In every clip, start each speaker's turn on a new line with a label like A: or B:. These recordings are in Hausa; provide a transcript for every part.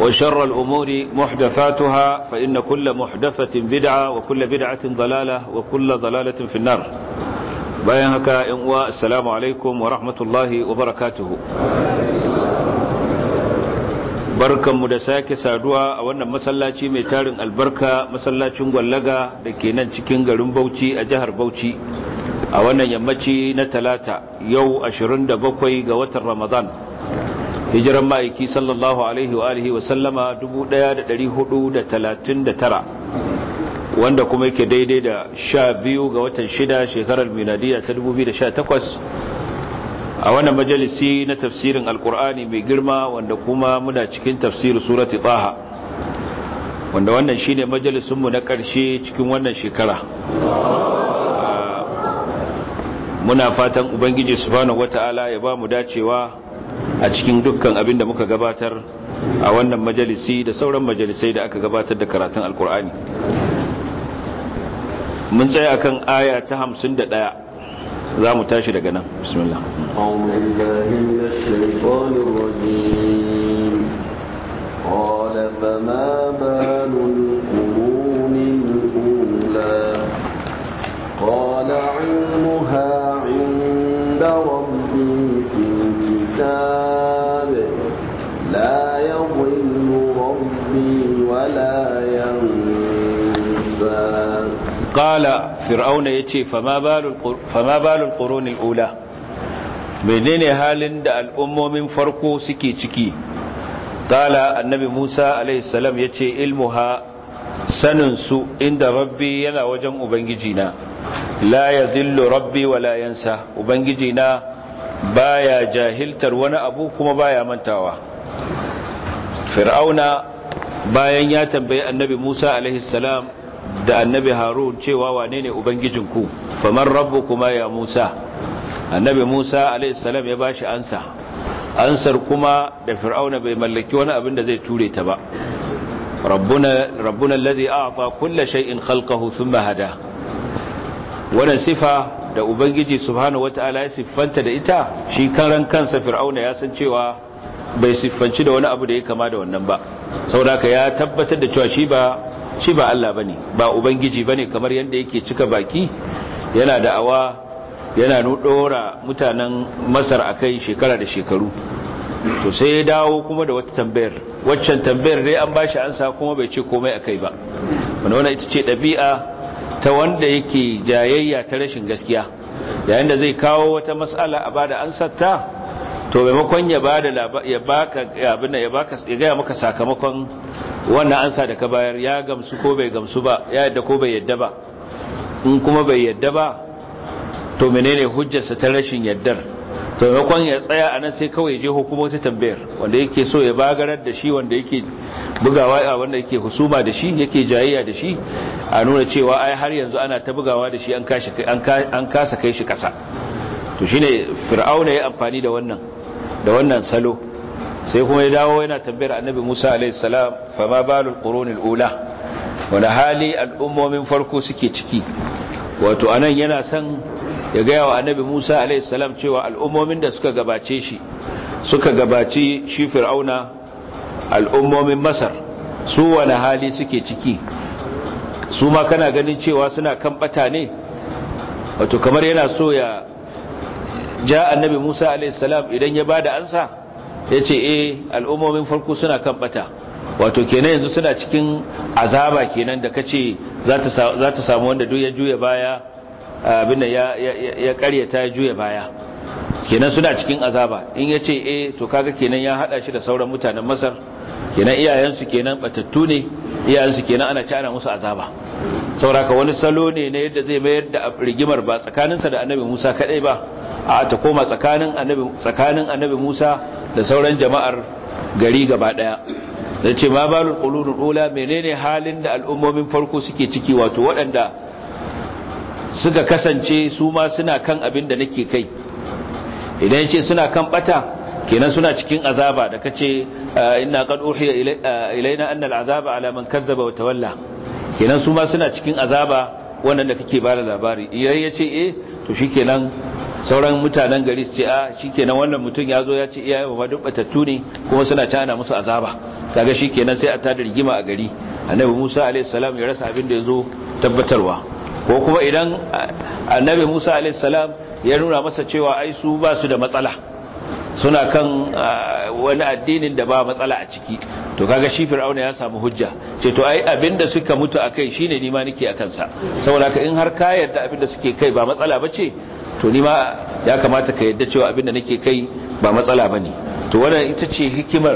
A: وشر الأمور محدثاتها فإن كل محدثة بدعة وكل بدعة ضلالة وكل ضلالة في النار bayan haka yan uwa assalamu alaikum wa rahmatullahi wa barakatuhu barkanmu da sake saduwa a wannan masallaci mai tarin albarka masallacin gwallaga da ke nan cikin garin bauchi a jihar bauchi a wannan yammaci na talata yau 27 ga watan ramadan hijiran ma'aiki sallallahu alaihi wa alihi wa sallama 1439 wanda kuma yake daidai da 12 ga watan 6 shekarar miladiya ta 2018 a wannan majalisi na tafsirin alkur'ani mai girma wanda kuma muna cikin tafsirin surati taha wanda wannan shine majalisunmu na ƙarshe cikin wannan shekara muna fatan ubangiji subhanahu wataala ya ba mu dacewa a cikin dukkan abin da muka gabatar a wannan majalisi da sauran majalisai da aka gabatar da karatun alkur'ani mun tsaya kan aya ta hamsin da ɗaya za mu tashi daga nan bismillah
B: قال علمها عند ربي ولا Fir'auna قال
A: فرعون يتي فما بال
B: فما بال القرون
A: menene halin da al'ummomin farko suke ciki kala annabi musa alaihissalam ya ce ilmuha saninsu inda rabbi yana wajen ubangijina la ya zillu rabbi wa la yansa ubangijina baya jahiltar wani abu kuma baya mantawa fir'auna bayan ya tambayi annabi Musa alaihi salam da annabi Harun cewa wane ne ubangijinku faman kuma ya Musa annabi Musa alaihi salam ya bashi ansa ansar kuma da fir'auna bai mallaki wani abin da zai ture ta ba rabbuna rabbuna alladhi a'ta kulli shay'in khalqahu thumma hada wannan sifa da ubangiji subhanahu wataala ya siffanta da ita shi karan kansa fir'auna ya san cewa bai siffanci da wani abu da ya kama da wannan ba sauraka ya tabbatar da cewa shi ba shi ba Allah bane ba ubangiji bane kamar yadda yake cika baki yana da awa yana nudora mutanen Masar akai shekara da shekaru to sai ya dawo kuma da wata tambayar waccan tambayar dai an bashi ansa kuma bai ce komai akai ba wanda wannan ita ce dabi'a ta wanda yake jayayya ta rashin gaskiya yayin da zai kawo wata mas'ala a bada ansar ta to maimakon ya bada ya baka abin ya baka ya ga maka sakamakon wannan ansa da ka bayar ya gamsu ko bai gamsu ba ya yadda ko bai yadda ba in kuma bai yadda ba to menene sa ta rashin yaddar to maimakon ya tsaya a nan sai kawai je hukumoci tambayar wanda yake so ya bagarar da shi wanda yake bugawa a wanda yake husuma da shi yake jayayya da shi a nuna cewa ai har yanzu ana ta bugawa da shi an kasa kai shi kasa to shine fir'auna ya amfani da wannan da wannan salo sai kuma ya dawo yana tambayar annabi Musa alaihi salam fa ma balul qurunil ula wani hali al'ummomin farko suke ciki wato anan yana son ya gaya wa annabi Musa alaihi salam cewa al'ummomin da suka gabace shi suka gabaci shi fir'auna al'ummomin masar su wani hali suke ciki su ma kana ganin cewa suna kan bata ne wato kamar yana so ya ja annabi Musa alaihi salam idan ya ba da ansa yace eh al'ummomin farko suna kan bata wato kenan yanzu suna cikin azaba kenan da kace za ta za ta samu wanda duk ya juya baya abin da ya karyata ya juya baya kenan suna cikin azaba in yace eh to kaga kenan ya hada shi da sauran mutanen Masar kenan iyayensu kenan batattu ne iyayensu kenan ana ci ana musu azaba sauraka wani salo ne na yadda zai mayar da rigimar ba tsakaninsa da annabi musa kadai ba a ta koma tsakanin annabi musa da sauran jama'ar gari gaba daya da ce ma ba qulunul ula menene halin da al'ummomin farko suke ciki wato waɗanda suka kasance su ma suna kan abin da nake kai idan ce suna kan bata kenan suna cikin azaba da kace ah, inna qad uhiya ah, ilaina anna azaba ala man kazzaba wa tawalla kenan su ma suna cikin azaba wannan da kake bada labari idan yace eh to shikenan sauran mutanen gari su ce a ah, shikenan wannan mutum ya zo ya ce iyaye ba duk batattu ne kuma suna ci ana musu azaba kaga shikenan sai a tada rigima a gari annabi Musa alaihi salam ya rasa abin da yazo tabbatarwa ko kuma idan annabi Musa alaihi salam ya nuna masa cewa ai su ba su da matsala suna kan ah, wani addinin da ba matsala a ciki to kaga shi fir'auna ya samu hujja ce to ai abinda suka mutu akai shine ni ma nake akan sa saboda ka in har ka yarda abinda suke kai ba matsala bace to ni ya kamata ka yarda cewa abinda nake kai ba matsala bane to wannan ita ce hikimar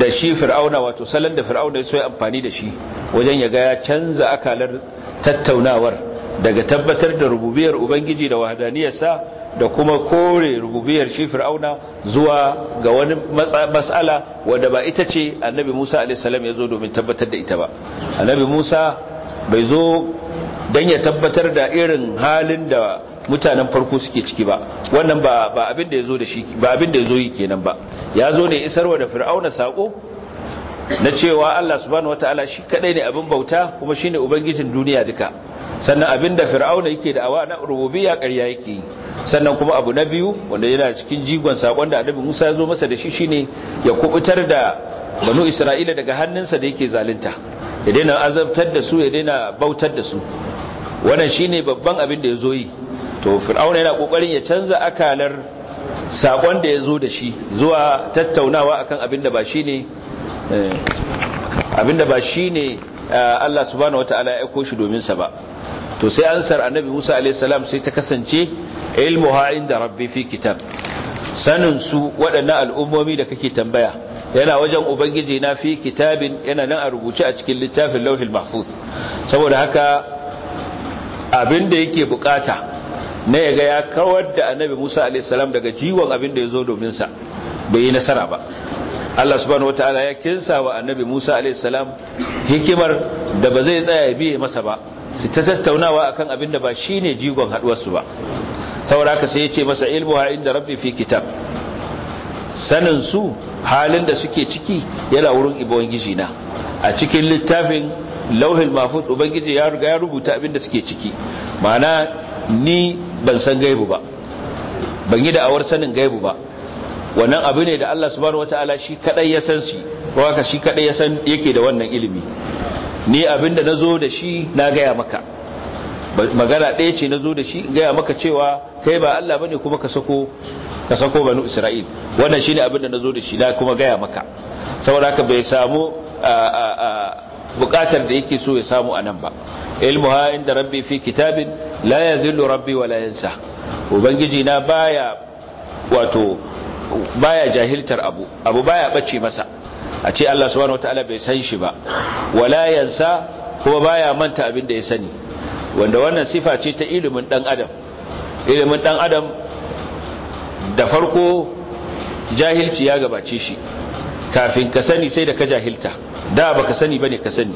A: da shi fir'auna wato salon da fir'auna ya so ya amfani da shi wajen ya ga ya canza akalar tattaunawar daga tabbatar da rububiyar ubangiji da wahadaniyarsa da kuma kore rububiyar shi fir'auna zuwa ga wani matsala wanda ba ita ce annabi Musa alaihi ya zo domin tabbatar da ita ba annabi Musa bai zo don ya tabbatar da irin halin da mutanen farko suke ciki ba wannan ba abin da yazo zo yi kenan ba ya zo ne isarwa da fir'auna sako na cewa Allah subhanahu wataala shi kadai ne abin bauta kuma shine ubangijin duniya duka sannan abinda fir'auna yake da awa na rububiyya ƙarya yake sannan kuma abu na biyu wanda yana cikin jigon sakon da annabi Musa ya zo masa da shi shine ya kubutar da banu Isra'ila daga hannunsa da yake zalunta ya daina azabtar da su ya daina bautar da su wannan shine babban abin da ya zo yi to fir'auna yana kokarin ya canza akalar sakon da ya zo da shi zuwa tattaunawa akan abin da ba shine eh, abin da ba shine eh, Allah subhanahu wataala ya aiko shi domin sa ba to sai ansar annabi Musa alaihi salam sai ta kasance ilmuha inda rabbi fi kitab sanin su waɗannan al'ummomi da kake tambaya yana wajen ubangiji na fi kitabin yana nan a rubuce a cikin littafin lauhil mahfuz saboda haka abin da yake bukata ya ga ya kawar da annabi Musa alaihi salam daga jiwon abin da ya zo domin sa bai yi nasara ba Allah subhanahu wataala ya kinsa wa annabi Musa alaihi salam hikimar da ba zai tsaya biye masa ba su ta tattaunawa akan abin da ba shi ne jigon su ba saboda haka sai ya ce masa ilmu ha inda rabbi fi kitab sanin su halin da suke ciki yana wurin ubangiji na a cikin littafin lauhil mahfuz ubangiji ya riga ya rubuta abin da suke ciki ma'ana ni ban san gaibu ba ban yi da awar sanin gaibu ba wannan abu ne da Allah subhanahu wataala shi kadai ya san shi ko haka shi kadai ya san yake da wannan ilimi ni abinda na zo da shi na gaya maka magana ɗaya ce na zo da shi gaya maka cewa kai ba Allah bane kuma ka sako ka sako banu Isra'il wannan shine abinda na zo da shi na kuma gaya maka saboda haka bai samu bukatar da yake so ya samu a nan ba ha inda rabbi fi kitabin la yadhillu rabbi wa la yansa ubangiji na baya wato baya jahiltar abu abu baya bace masa a ce Allah subhanahu wataala bai san shi ba wala yansa kuma baya manta abin da ya sani wanda wannan sifa ce ta ilimin dan adam ilimin dan adam da farko jahilci ya gabace shi kafin ka sani sai da ka jahilta da baka sani bane ka sani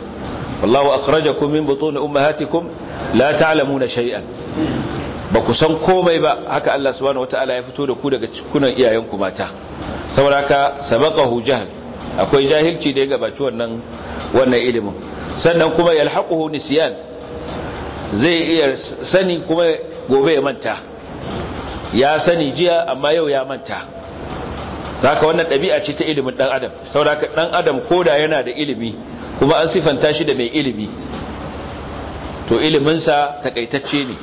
A: wallahu akhrajakum min butun ummahatikum la ta'lamuna shay'an ba ku san komai ba haka Allah subhanahu wataala ya fito da ku daga cikunan iyayenku mata saboda haka sabaqahu jahl akwai jahilci da ya gabaci wannan wannan ilimin sannan kuma yalhaquhu nisyan zai iya sani kuma gobe ya manta ya sani jiya amma yau ya manta haka wannan ɗabi'a ce ta ilimin ɗan adam saboda ɗan adam ko da yana da ilimi kuma an sifanta shi da mai ilimi to iliminsa takaitacce ne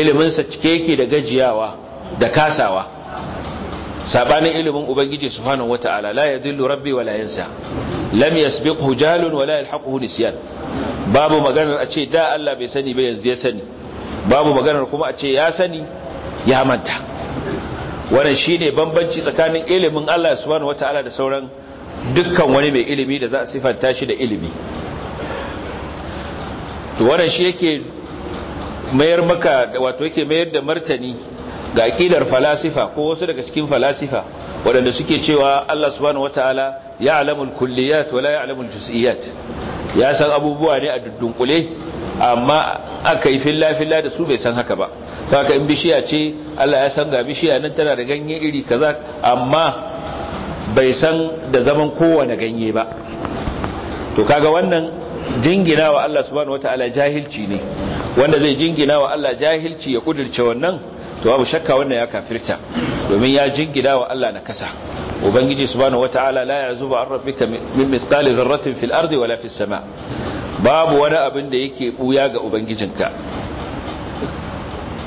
A: iliminsa cike yake da gajiyawa da kasawa sabanin ilimin ubangiji subhanahu wata'ala la yadillu rabbi wala yansa lam yasbiqhu jalun wala yalhaquhu nisyan babu maganar a ce da Allah bai sani ba yanzu ya sani babu maganar kuma a ce ya sani ya manta wannan shine bambanci tsakanin ilimin Allah subhanahu wata'ala da sauran dukkan wani mai ilimi da za a sifanta shi da ilimi to wannan shi yake mayar maka wato yake mayar da martani ga aqidar falasifa ko wasu daga cikin falasifa waɗanda suke cewa Allah subhanahu wataala ya al-kulliyat wala ya ya'lamu ya san abubuwa ne a dudunkule amma aka yi filla filla da su bai san haka ba haka in bishiya ce Allah ya san ga bishiya nan tana da ganye iri kaza amma bai san da zaman kowane ganye ba to kaga wannan jingina wa Allah subhanahu wataala jahilci ne wanda zai jinginawa Allah jahilci ya kudirce wannan to babu shakka wannan ya kafirta domin ya jingida wa Allah na kasa ubangiji subhanahu wataala la yazuba an rabbika min mithqali dharratin fil ardi wala fis sama babu wani abin da yake buya ga ubangijinka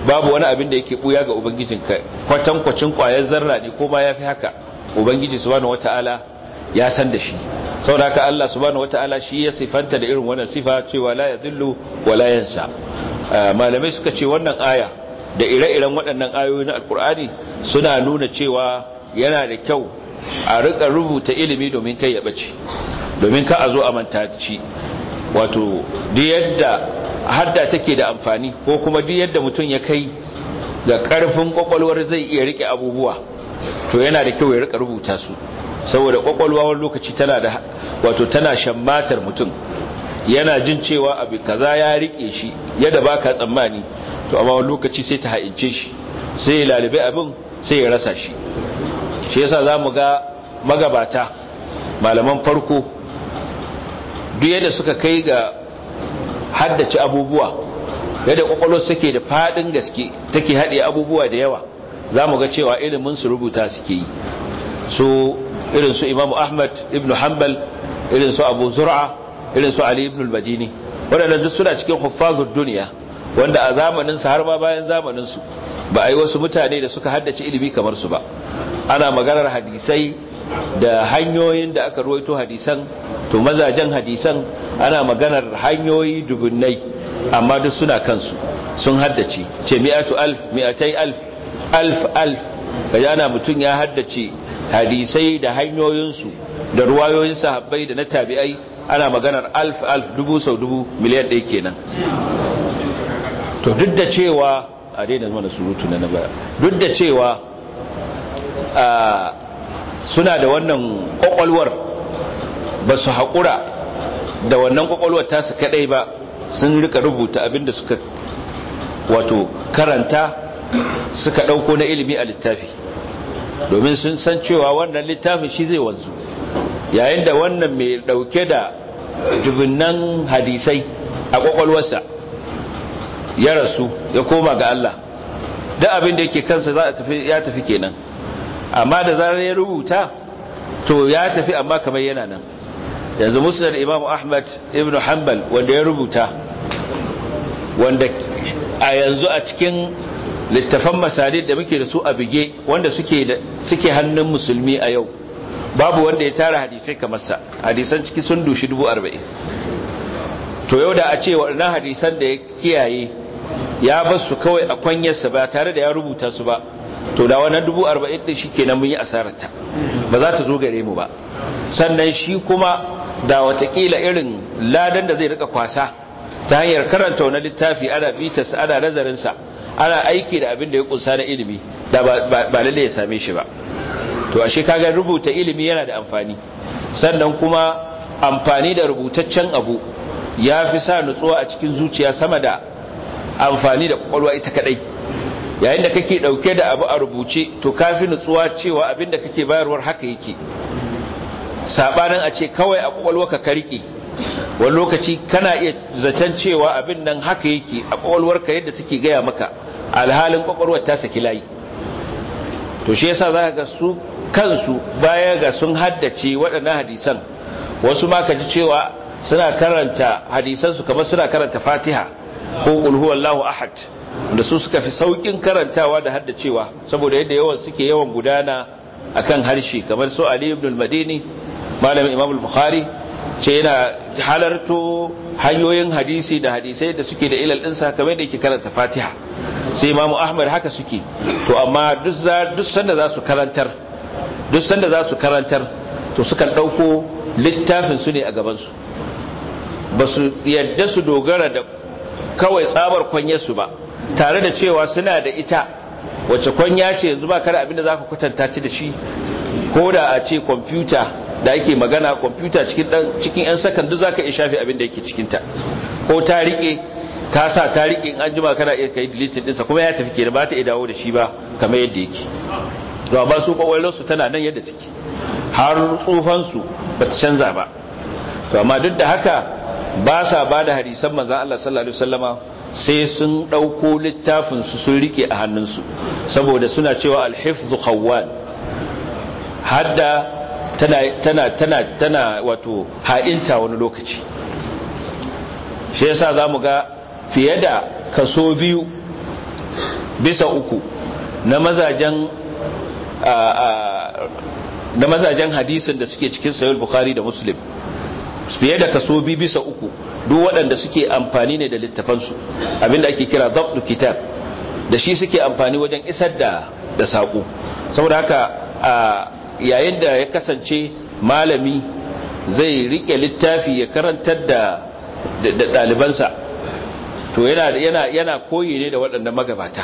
A: babu wani abin da yake buya ga ubangijinka kwatan kwacin kwayar zarra ne ko ba yafi haka ubangiji subhanahu wataala ya san da shi saboda haka Allah subhanahu wataala shi ya sifanta da irin wannan sifa cewa la yadhillu wala yansa malamai suka ce wannan aya da ire-iren waɗannan ayoyi na alkur'ani suna nuna cewa yana da kyau a riƙa rubuta ilimi domin kai ya ɓace domin ka a zo a manta ci wato duk yadda hadda take da amfani ko kuma duk yadda mutum ya kai ga ƙarfin ƙwaƙwalwar zai iya riƙe abubuwa to yana da kyau ya riƙa rubuta su saboda ƙwaƙwalwa wani lokaci tana da wato tana shammatar mutum yana jin cewa abu kaza ya riƙe shi yadda ba ka tsammani to amma wani lokaci sai ta ha'ince shi sai ya lalube abin sai ya rasa shi shi yasa za mu ga magabata malaman farko duk yadda suka kai ga haddace abubuwa yadda kwakwalo suke da fadin gaske take haɗe abubuwa da yawa za mu ga cewa ilimin su rubuta suke yi su irin su imamu ahmad ibn hanbal irin su abu zur'a irin su ali ibn al-madini waɗannan duk suna cikin huffazur duniya wanda a su har ma bayan zamanin su ba a yi wasu mutane da suka haddace ilimi kamar su ba ana maganar hadisai da hanyoyin da aka ruwaito hadisan to mazajen hadisan ana maganar hanyoyi dubunnai amma duk suna kansu sun haddace ce mi'atu alf mi'atai alf alf alf kaji ana mutum ya haddace hadisai da hanyoyinsu da ruwayoyin sahabbai da na tabi'ai ana maganar alf alf dubu sau dubu miliyan ɗaya kenan to duk da cewa a daina da surutu na nabar duk da cewa suna da wannan kwakwalwar ba su haƙura da wannan kwakwalwar tasu kaɗai ba sun rika rubuta abinda suka wato karanta suka ɗauko na ilimi a littafi domin sun san cewa wannan littafi shi zai wanzu yayin da wannan mai ɗauke da dubinnan hadisai a kwakwalwarsa ya rasu ya koma ga Allah duk abin da yake kansa za a tafi ya tafi kenan amma da zarar ya rubuta to ya tafi amma kamar yana nan yanzu musnad imamu ahmad ibn hanbal wanda ya rubuta wanda a yanzu a cikin littafan masalid da muke da su a bige wanda suke suke hannun musulmi a yau babu wanda ya tara hadisai kamar sa hadisan ciki sun dushi 40 to yau da a ce waɗannan hadisan da ya kiyaye ya bar su kawai a kwanyarsa ba tare da ya rubuta su ba to da wannan dubu arba'in din shikenan mun yi asararta ba za ta zo gare mu ba sannan shi kuma da watakila irin ladan da zai rika kwasa ta hanyar karanta wani littafi ana bitas ana nazarinsa ana aiki da abin da ya kunsa na ilimi da ba lalle ya same shi ba to ashe kaga rubuta ilimi yana da amfani sannan kuma amfani da rubutaccen abu ya fi sa nutsuwa a cikin zuciya sama da amfani da kwakwalwa ita kadai yayin da kake dauke da abu a rubuce to kafi nutsuwa cewa abinda kake bayarwar haka yake sabanin a ce kawai a kwakwalwa ka karike wani lokaci kana iya zaton cewa abin nan haka yake a kwakwalwarka yadda take gaya maka alhalin kwakwalwar ta saki layi to shi yasa za ga su kansu baya ga sun haddace waɗannan hadisan wasu ma ka ji cewa suna karanta hadisansu kamar suna karanta fatiha ko qul ahad da su suka fi saukin karantawa da hadda cewa saboda yadda yawan suke yawan gudana akan harshe kamar su Ali ibn al-Madini malamin Imam al-Bukhari ce yana halarto hanyoyin hadisi da hadisai da suke da ilal ɗinsa kamar da yake karanta Fatiha sai Imam Ahmad haka suke to amma duk duk sanda za su karantar duk sanda za su karantar to suka dauko littafin su ne a gabansu su ba su yadda su dogara da kawai tsabar kwanyarsu ba tare da cewa suna da ita wacce kwanya ce yanzu ba kada abinda za ka kwatanta ci da shi ko da a ce kwamfuta da ake magana kwamfuta cikin 'yan sakan duk za ka iya shafi abinda yake cikinta ko ta riƙe ka sa ta riƙe in an jima kana iya kai dilitin ɗinsa kuma ya tafi kenan ba ta iya dawo da shi ba kamar yadda yake to amma su kwakwalwarsu tana nan yadda ciki har tsufansu ba ta canza ba to amma duk da haka ba sa ba da hadisan manzan Allah sallallahu alaihi wasallama sai sun ɗauko littafin su sun rike a hannunsu saboda suna cewa alhifzu khawwal hadda tana tana tana wato ha'inta wani lokaci shi yasa zamu ga fiye da kaso biyu bisa uku na mazajen da mazajen hadisin da suke cikin sahih bukhari da muslim fiye da kaso bi bisa uku duk waɗanda suke amfani ne da littafansu abinda ake kira dabdu kitab da shi suke amfani wajen isar da da saƙo saboda haka a yayin da ya kasance malami zai rike littafi ya karantar da ɗalibansa to yana yana koyi ne da waɗanda magabata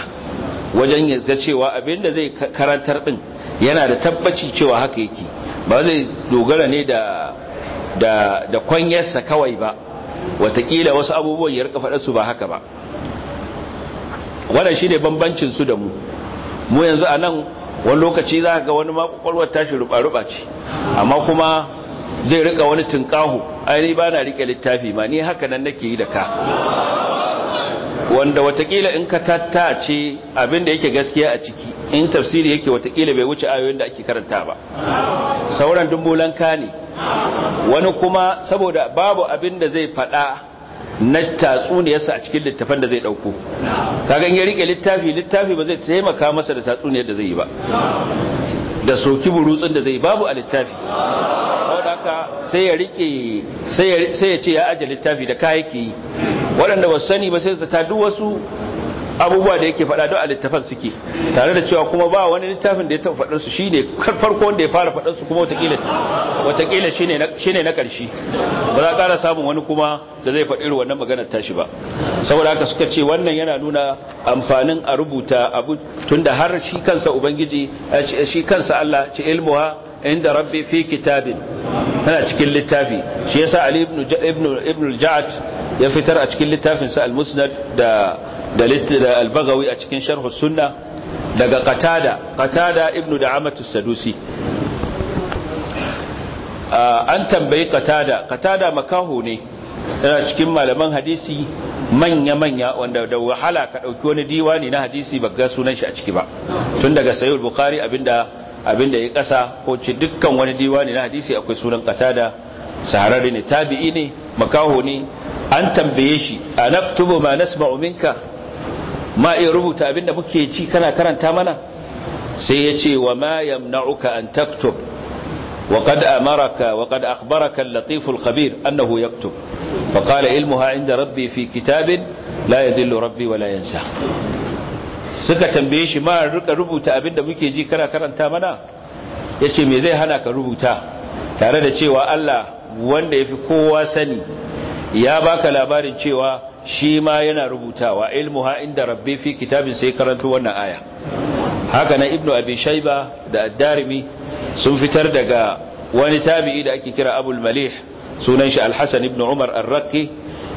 A: wajen ga cewa abinda zai karantar din yana da tabbaci cewa haka yake ba zai dogara ne da da da kwanyarsa kawai ba watakila wasu abubuwan ya rika faɗa su ba haka ba wannan shine bambancin su da mu mu yanzu anan wani lokaci za ga wani makwakwalwar tashi ruba-ruba ce amma kuma zai rika wani tunkahu aini ba na rike littafi ma ni haka nan nake yi da ka wanda watakila in ka tattace abinda yake gaskiya a ciki in tafsiri yake watakila bai wuce ayoyin da ake karanta ba sauran dumbulan ka ne wani kuma saboda babu abin da zai faɗa na tatsuniyarsa a cikin littafan da zai ɗauko kagan ya rike littafi littafi ba zai taimaka masa da tatsuniyar da zai yi ba da soki burutsun da zai babu a littafi saboda sai ya rike sai ya ce ya aje littafi da kayake yi waɗanda ba sani ba sai su ta duk wasu abubuwa da yake faɗa don a littafan suke tare da cewa kuma ba wani littafin da ya taɓa faɗinsu shi ne farko wanda ya fara faɗinsu kuma watakila shi ne na ƙarshe ba za ƙara samun wani kuma da zai faɗi irin wannan maganar tashi ba saboda haka suka ce wannan yana nuna amfanin a rubuta abu tunda har shi kansa ubangiji shi kansa Allah ce ilmuha inda rabbi fi kitabin tana cikin littafi shi yasa ali ibn ibn al-ja'd ya fitar a cikin littafin sa al-musnad da da albagawi a cikin sharhu sunna daga qatada qatada ibnu da'amatu sadusi an tambayi qatada qatada makaho ne yana cikin malaman hadisi manya-manya wanda da wahala ka ɗauki wani diwani na hadisi ba ga sunan shi a ciki ba tun daga Sayyid bukhari abinda abinda ya ƙasa ko ce dukkan wani diwani na hadisi akwai sunan qatada sahararri ne tabi'i ne makaho ne an tambaye shi anaktubu ma nasma'u minka ma iya rubuta abinda muke ci kana karanta mana sai ya ce wa ma yamna'uka an taktub wa qad amaraka wa qad akhbaraka al-latif al-khabir annahu yaktub fa qala ilmuha 'inda rabbi fi kitabin la yadhillu rabbi wa la yansa suka tambaye shi ma rika rubuta abinda muke ji kana karanta mana yace me zai hana ka rubuta tare da cewa Allah wanda yafi kowa sani ya baka labarin cewa shi ma yana rubutawa ha inda rabbi fi kitabin sai karatu wannan aya haka na ibnu abi shaiba da ad sun fitar daga wani tabi'i da ake kira abul malih sunan shi al-hasan ibnu umar ar-raqi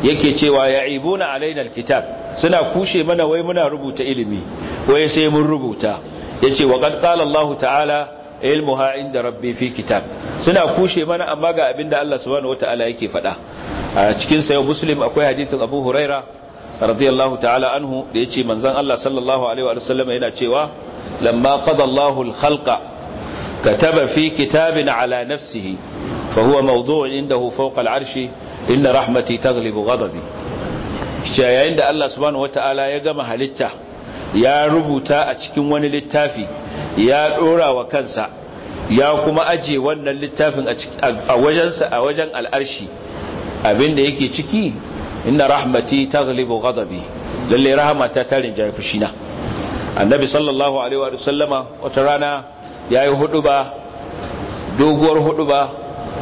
A: yake cewa ya'ibuna alaina al-kitab suna kushe mana wai muna rubuta ilimi wai sai mun rubuta yace wa qad qala Allah ta'ala ilmuha inda rabbi fi kitab suna kushe mana amma ga abinda Allah subhanahu wataala yake faɗa a cikin sayo muslim akwai hadisin abu huraira radiyallahu ta'ala anhu da ya ce manzan Allah sallallahu alaihi wa sallam yana cewa lamma qada Allahu al-khalqa kataba fi kitabin ala nafsihi fa huwa mawdu'un indahu fawqa al-arshi inna rahmati taghlibu ghadabi cewa yayin da Allah subhanahu wata'ala ya gama halitta ya rubuta a cikin wani littafi ya dora wa kansa ya kuma aje wannan littafin a wajensa a wajen al'arshi abin da yake ciki inna rahmati taghlibu ghadabi lalle rahmata ta rinjaye fushina annabi sallallahu alaihi wa sallama wata rana yayi huduba doguwar huduba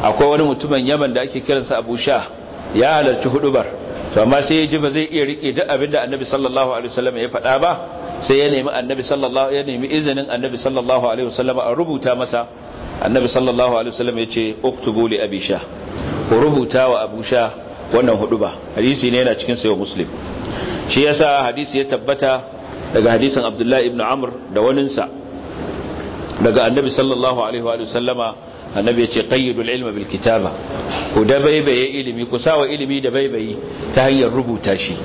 A: akwai wani mutumin Yaman da ake kiransa Abu Sha ya halarci hudubar to amma sai ya ji ba zai iya rike duk abin da annabi sallallahu alaihi wa sallama ya faɗa ba sai ya nemi annabi sallallahu ya nemi izinin annabi sallallahu alaihi wa sallama a rubuta masa annabi sallallahu alaihi wa sallama ya ce uktubu li abi sha ku rubuta wa abu sha wannan hudu ba hadisi ne yana cikin sayo muslim shi yasa hadisi ya tabbata daga hadisin abdullahi ibn amr da waninsa daga annabi sallallahu alaihi wa sallama annabi ya ce qayyidul ilma bil kitaba ku da baibaye ilimi ku sawa ilimi da baibayi ta hanyar rubuta shi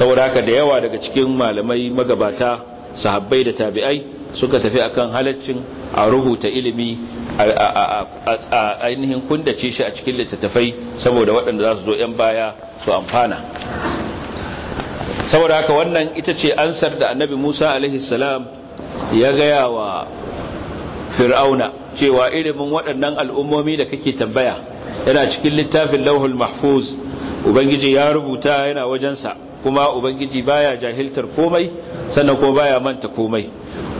A: saboda haka da yawa daga cikin malamai magabata sahabbai da tabi'ai suka tafi akan halaccin a rubuta ilimi a ainihin kundace shi a cikin littattafai saboda waɗanda za su zo 'yan baya su amfana saboda haka wannan ita ce ansar da annabi musa alaihissalam ya gaya wa fir'auna cewa ilimin waɗannan al'ummomi da kake tambaya yana cikin littafin lauhul mahfuz ubangiji ya rubuta yana wajensa kuma ubangiji baya jahiltar komai sannan ko baya manta komai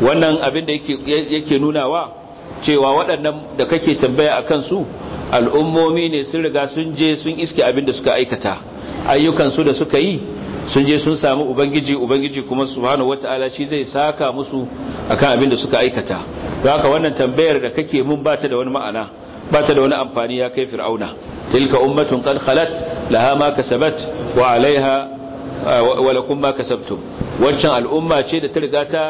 A: wannan abin da yake nunawa cewa waɗannan da kake tambaya a kansu al'ummomi ne sun riga sun je sun iske abin da suka aikata ayyukansu da suka yi sun je sun samu ubangiji ubangiji kuma subhanahu wataala shi zai saka musu akan abin da suka aikata ba haka wannan tambayar da kake mun ba ta da wani ma'ana ba ta da wani amfani ya kai fir'auna tilka ummatun qad khalat laha ma kasabat wa alaiha wa lakum ma kasabtum wancan al'umma ce da ta riga ta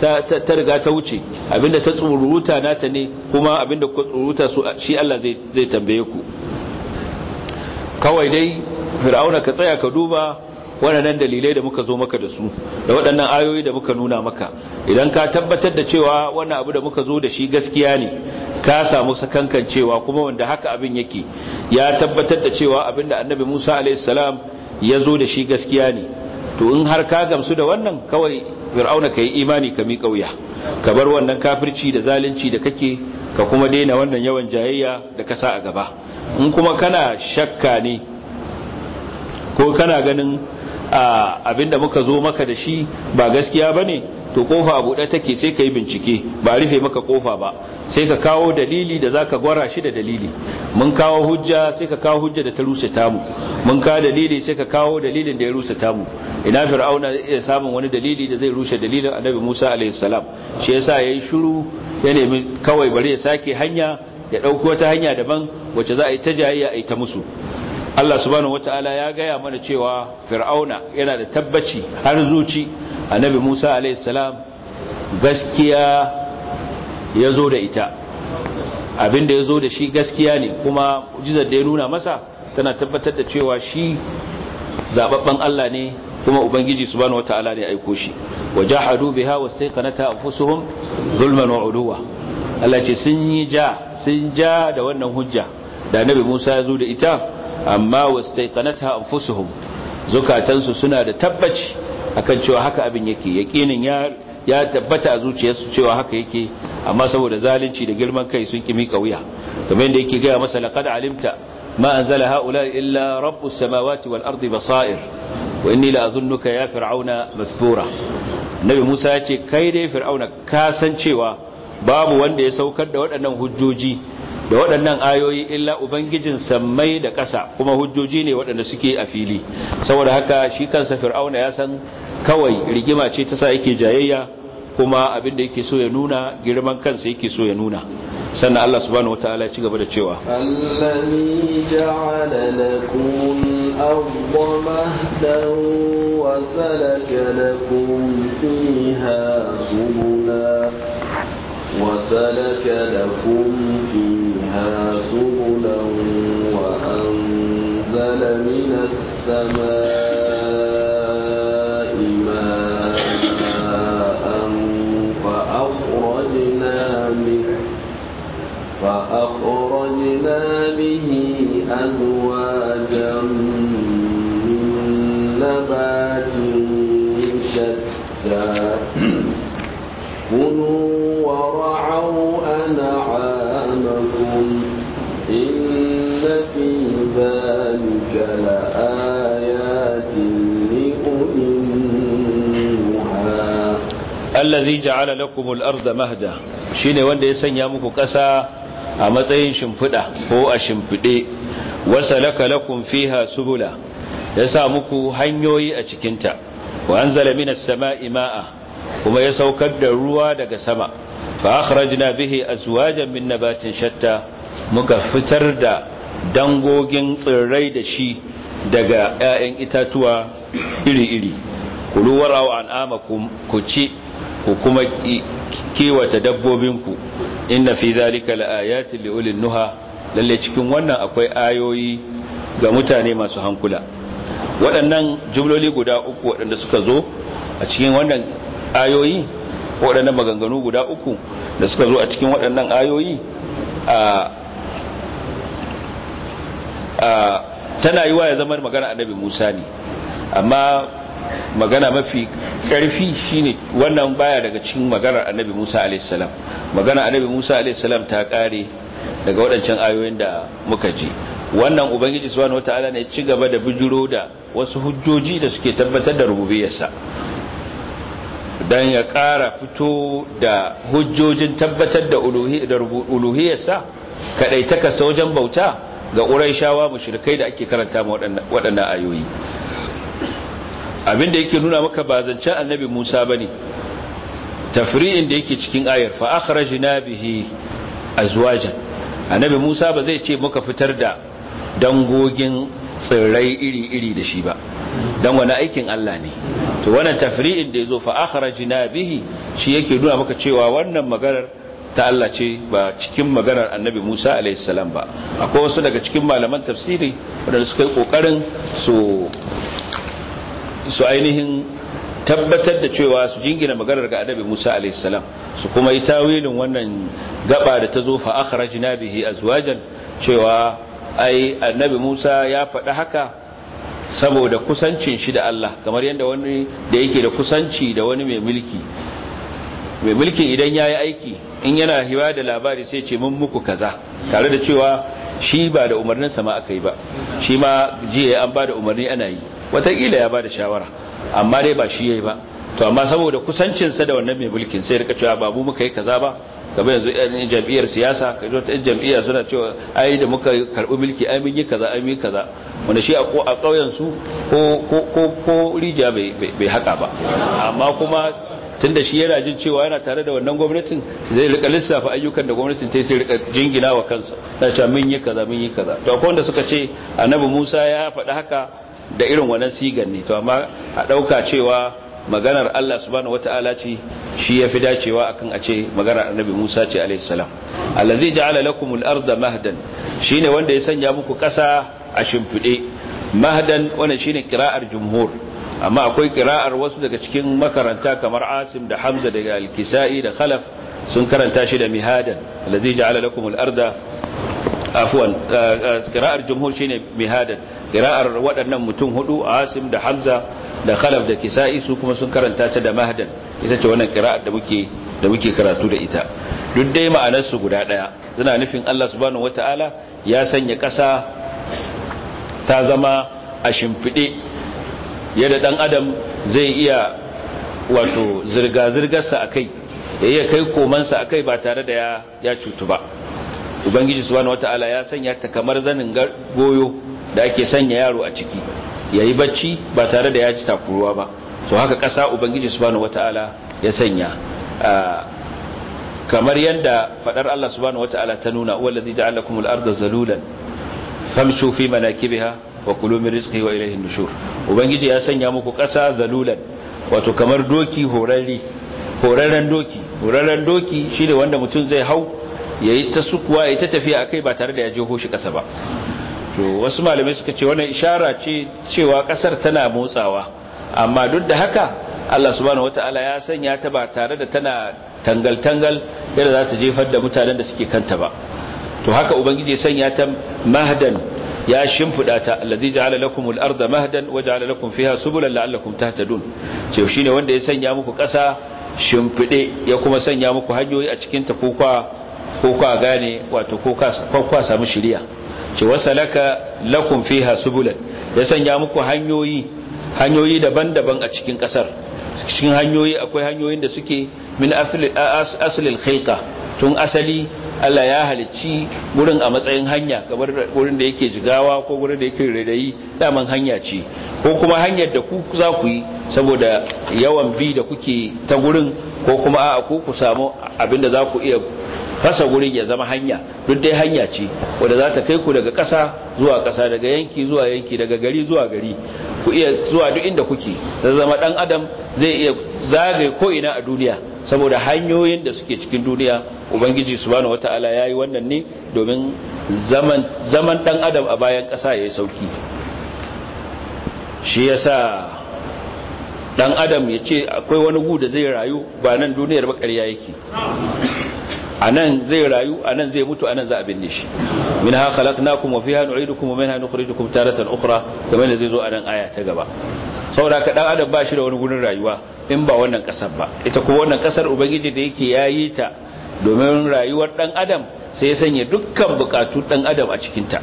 A: ta riga ta wuce abinda ta na nata ne kuma abinda ku tsururuta su shi Allah zai tambaye ku kawai dai fir'auna ka tsaya ka duba waɗannan dalilai da muka zo maka da su da waɗannan ayoyi da muka nuna maka idan ka tabbatar da cewa wannan abu da muka zo da shi gaskiya ne ka samu sakankan cewa kuma wanda haka abin yake ya tabbatar da cewa abinda annabi musa alaihissalam ya zo da shi gaskiya ne to in har ka gamsu da wannan kawai fir'auna ka yi imani ka miƙa wuya ka bar wannan kafirci da zalunci da kake ka kuma daina wannan yawan jayayya da ka sa a gaba in kuma kana shakka ne ko kana ganin abinda muka zo maka da shi ba gaskiya bane to kofa a buɗe take sai ka yi bincike ba rufe maka kofa ba sai ka kawo dalili da zaka gwara shi da dalili mun kawo hujja sai ka kawo hujja da ta rusa tamu mun kawo dalili sai ka kawo dalilin da ya rusa tamu ina fir'auna iya samun wani dalili da zai rushe dalilin annabi Musa alaihi salam shi yasa yayi shiru ya nemi kawai bari ya sake hanya ya dauko wata hanya daban wacce za a yi ta jayayya a yi ta musu Allah subhanahu wataala ya gaya mana cewa fir'auna yana da tabbaci har zuci annabi Musa alayhi salam gaskiya ya zo da ita abinda ya zo da shi gaskiya ne kuma mu'jizar da ya nuna masa tana tabbatar da cewa shi zababben Allah ne kuma ubangiji subhanahu wataala ne aiko shi wajahadu biha wastaqanata anfusuhum zulman wa uduwa Allah ce sun yi ja sun ja da wannan hujja da annabi Musa ya zo da ita amma wastaiqanatha anfusuhum zukatansu suna da tabbaci akan cewa haka abin yake yaqinin ya ya tabbata a zuciyarsu cewa haka yake amma saboda zalunci da girman kai sun kimi kauya kamar yadda yake gaya masa laqad alimta ma anzala haula illa rabbus samawati wal ardi basair wa inni la azunnuka ya fir'auna masbura nabi musa ya ce kai dai fir'auna ka san cewa babu wanda ya saukar da waɗannan hujjoji da waɗannan ayoyi illa ubangijin sammai da ƙasa kuma hujjoji ne waɗanda suke a fili saboda haka shi kansa fir'auna ya san kawai rigima ce ta sa yake jayayya kuma abin da yake so ya nuna girman kansa yake so ya nuna sannan Allah subhanahu wataala ya ci gaba da cewa
B: allazi ja'ala lakum ardha mahdan wa salaka lakum fiha subula وسلك لكم فيها سبلا وأنزل من السماء ماء فأخرجنا فأخرجنا به أزواجا من نبات شتى كلوا ورعوا أنعامكم إن في ذلك لآيات لأولي النهى الذي جعل لكم الأرض مهدا
A: شيني وندي سنيامك كسا a matsayin shimfiɗa ko a shimfiɗe wasa laka fiha subula ya sa muku hanyoyi a cikinta wa an minas sama'i ma'a kuma ya saukar da ruwa daga sama fa akhrajna bihi azwajan min nabatin shatta muka fitar da dangogin tsirrai da shi daga 'ya'yan itatuwa iri-iri kulu warau an'amakum ku ci ku kuma kiwata dabbobinku inna fi zalika laayatin liulil nuha lalle cikin wannan akwai ayoyi ga mutane masu hankula waɗannan jumloli guda uku waɗanda suka zo a cikin wannan ayoyi waɗannan maganganu guda uku da suka zo a cikin waɗannan ayoyi tana yi wa ya zama magana annabi musa ne amma magana mafi ƙarfi shine wannan baya daga cikin maganar annabi musa alaihissalam magana annabi musa alaihissalam ta ƙare daga waɗancan ayoyin da muka ji wannan ubangiji subhanahu wataala ne ci gaba da bijiro da wasu hujjoji da suke tabbatar da rububiyarsa Dan ya ƙara fito da hujjojin tabbatar da uluhiyarsa kaɗai ta kasa wajen bauta ga ƙuraishawa mashirkai da ake karanta waɗannan ayoyi abinda yake nuna maka ba zancen annabi musa ba ne tafri'in da yake cikin ayar jina bihi a zuwajen annabi musa ba zai ce muka fitar da dangogin tsirrai iri-iri da shi ba don wani aikin allah ne to wannan tafri'in da yazo fa akhrajna bihi shi yake nuna maka cewa wannan maganar ta Allah ce ba cikin maganar Annabi Musa alayhi salam ba akwai wasu daga cikin malaman tafsiri wanda suka yi kokarin su su ainihin tabbatar da cewa su jingina maganar ga Annabi Musa alayhi salam su kuma yi tawilin wannan gaba da ta zo fa akhrajna bihi azwajan cewa ai Annabi Musa ya faɗi haka saboda kusancin shi da Allah kamar yadda wani da yake da kusanci da wani mai mulki mai mulkin idan ya yi aiki in yana hiwa da labari sai ce mun muku kaza tare da cewa shi ba da umarnin sama aka yi ba shi ma jiya an ba da umarni ana yi watakila ya ba da shawara amma dai ba shi ya yi ba to amma saboda kusancinsa da wannan mai mulkin sai rika cewa ba mu muka yi kaza ba kamar yanzu yan jam'iyyar siyasa ka zo ta yan jam'iyya suna cewa ai da muka karbi mulki ai mun yi kaza ai mun yi kaza wanda shi a ƙauyen su ko ko ko rija bai haka ba amma kuma tunda shi yana jin cewa yana tare da wannan gwamnatin zai rika lissafa ayyukan da gwamnatin ta sai rika jingina wa kansa na cewa mun yi kaza mun yi kaza to akwai wanda suka ce annabi Musa ya faɗi haka da irin wannan sigan ne to amma a ɗauka cewa maganar Allah subhanahu wata'ala ce shi ya fi dacewa akan a ce maganar annabi Musa ce alaihi salam allazi ja'ala lakumul arda mahdan shine wanda ya sanya muku kasa a shimfide mahdan wannan shine qira'ar jumhur amma akwai qira'ar wasu daga cikin makaranta kamar Asim da Hamza da Al-Kisa'i da Khalaf sun karanta shi da mihadan allazi ja'ala lakumul arda afwan kira'ar eh, eh, jumhur shine mihadan kira'ar waɗannan mutum hudu asim da hamza da khalaf da kisa'i su kuma sun karanta ta da mahdan ita ce wannan qira'ar da muke da muke karatu da ita duk dai ma'anarsu guda daya suna nufin Allah subhanahu wataala ya sanya ƙasa ta zama a shimfide yadda dan adam zai iya wato zirga zirgarsa akai ya iya kai komansa akai ba tare da ya ya cutu ba ubangiji subhanahu wataala ya sanya ta kamar zanin goyo da ake sanya yaro a ciki yayi bacci ba tare da ya ji takuruwa ba so haka ƙasa ubangiji subhanahu wataala ya sanya kamar yadda fadar Allah subhanahu wataala ta nuna wallazi ja'alakumul arda zalulan famshu fi manakibiha wa kulu min rizqihi wa ilayhi nushur ubangiji ya sanya muku kasa zalulan wato kamar doki horarri horarren doki horarren doki shine wanda mutum zai hau yayi ta sukuwa yayi ta tafiya akai ba tare da ya je hoshi kasa ba to wasu malamai suka ce wannan ishara ce cewa kasar tana motsawa amma duk da haka Allah subhanahu wataala ya sanya ta ba tare da tana tangal-tangal yadda za ta jefar da mutanen da suke kanta ba to haka ubangiji ya sanya ta mahdan ya shimfida ta allazi ja'ala al-ardha mahdan wa ja'ala lakum fiha subulan la'allakum tahtadun ce shine wanda ya sanya muku kasa shimfide ya kuma sanya muku hanyoyi a cikin ta ko ko gane wato ko kwa samu shiriya ce wasalaka lakum fiha subulan ya sanya muku hanyoyi hanyoyi daban-daban a cikin kasar cikin hanyoyi akwai hanyoyin da suke min asalil khilqa tun asali Allah ya halicci gurin a matsayin hanya kamar gurin da yake jigawa ko gurin da yake redayi daman hanya ce ko kuma hanyar da ku za ku yi saboda yawan bi da kuke ta gurin ko kuma a ku ku samu abinda za ku iya fasa gurin ya zama hanya duk dai hanya ce wadda za ta kai ku daga ƙasa zuwa kasa daga yanki zuwa yanki daga gari zuwa gari ku iya zuwa duk inda kuke da zama ɗan adam zai iya zagaye ko ina a duniya saboda hanyoyin da suke cikin duniya ubangiji subhanahu wata'ala yayi wannan ne domin zaman zaman ɗan adam a bayan ƙasa yayi sauki shi yasa dan adam ya ce akwai wani gu da zai rayu ba nan duniyar ba ƙarya yake anan zai rayu anan zai mutu anan za a binne shi ha khalaqnakum wa fiha nu'idukum wa minha nukhrijukum taratan ukhra kamar da zai zo anan aya ta gaba saboda ka dan adam bashi da wani gurin rayuwa in ba wannan kasar ba ita kuma wannan kasar ubangiji da yake yayi ta domin rayuwar dan adam sai ya sanya dukkan bukatu dan adam a cikin ta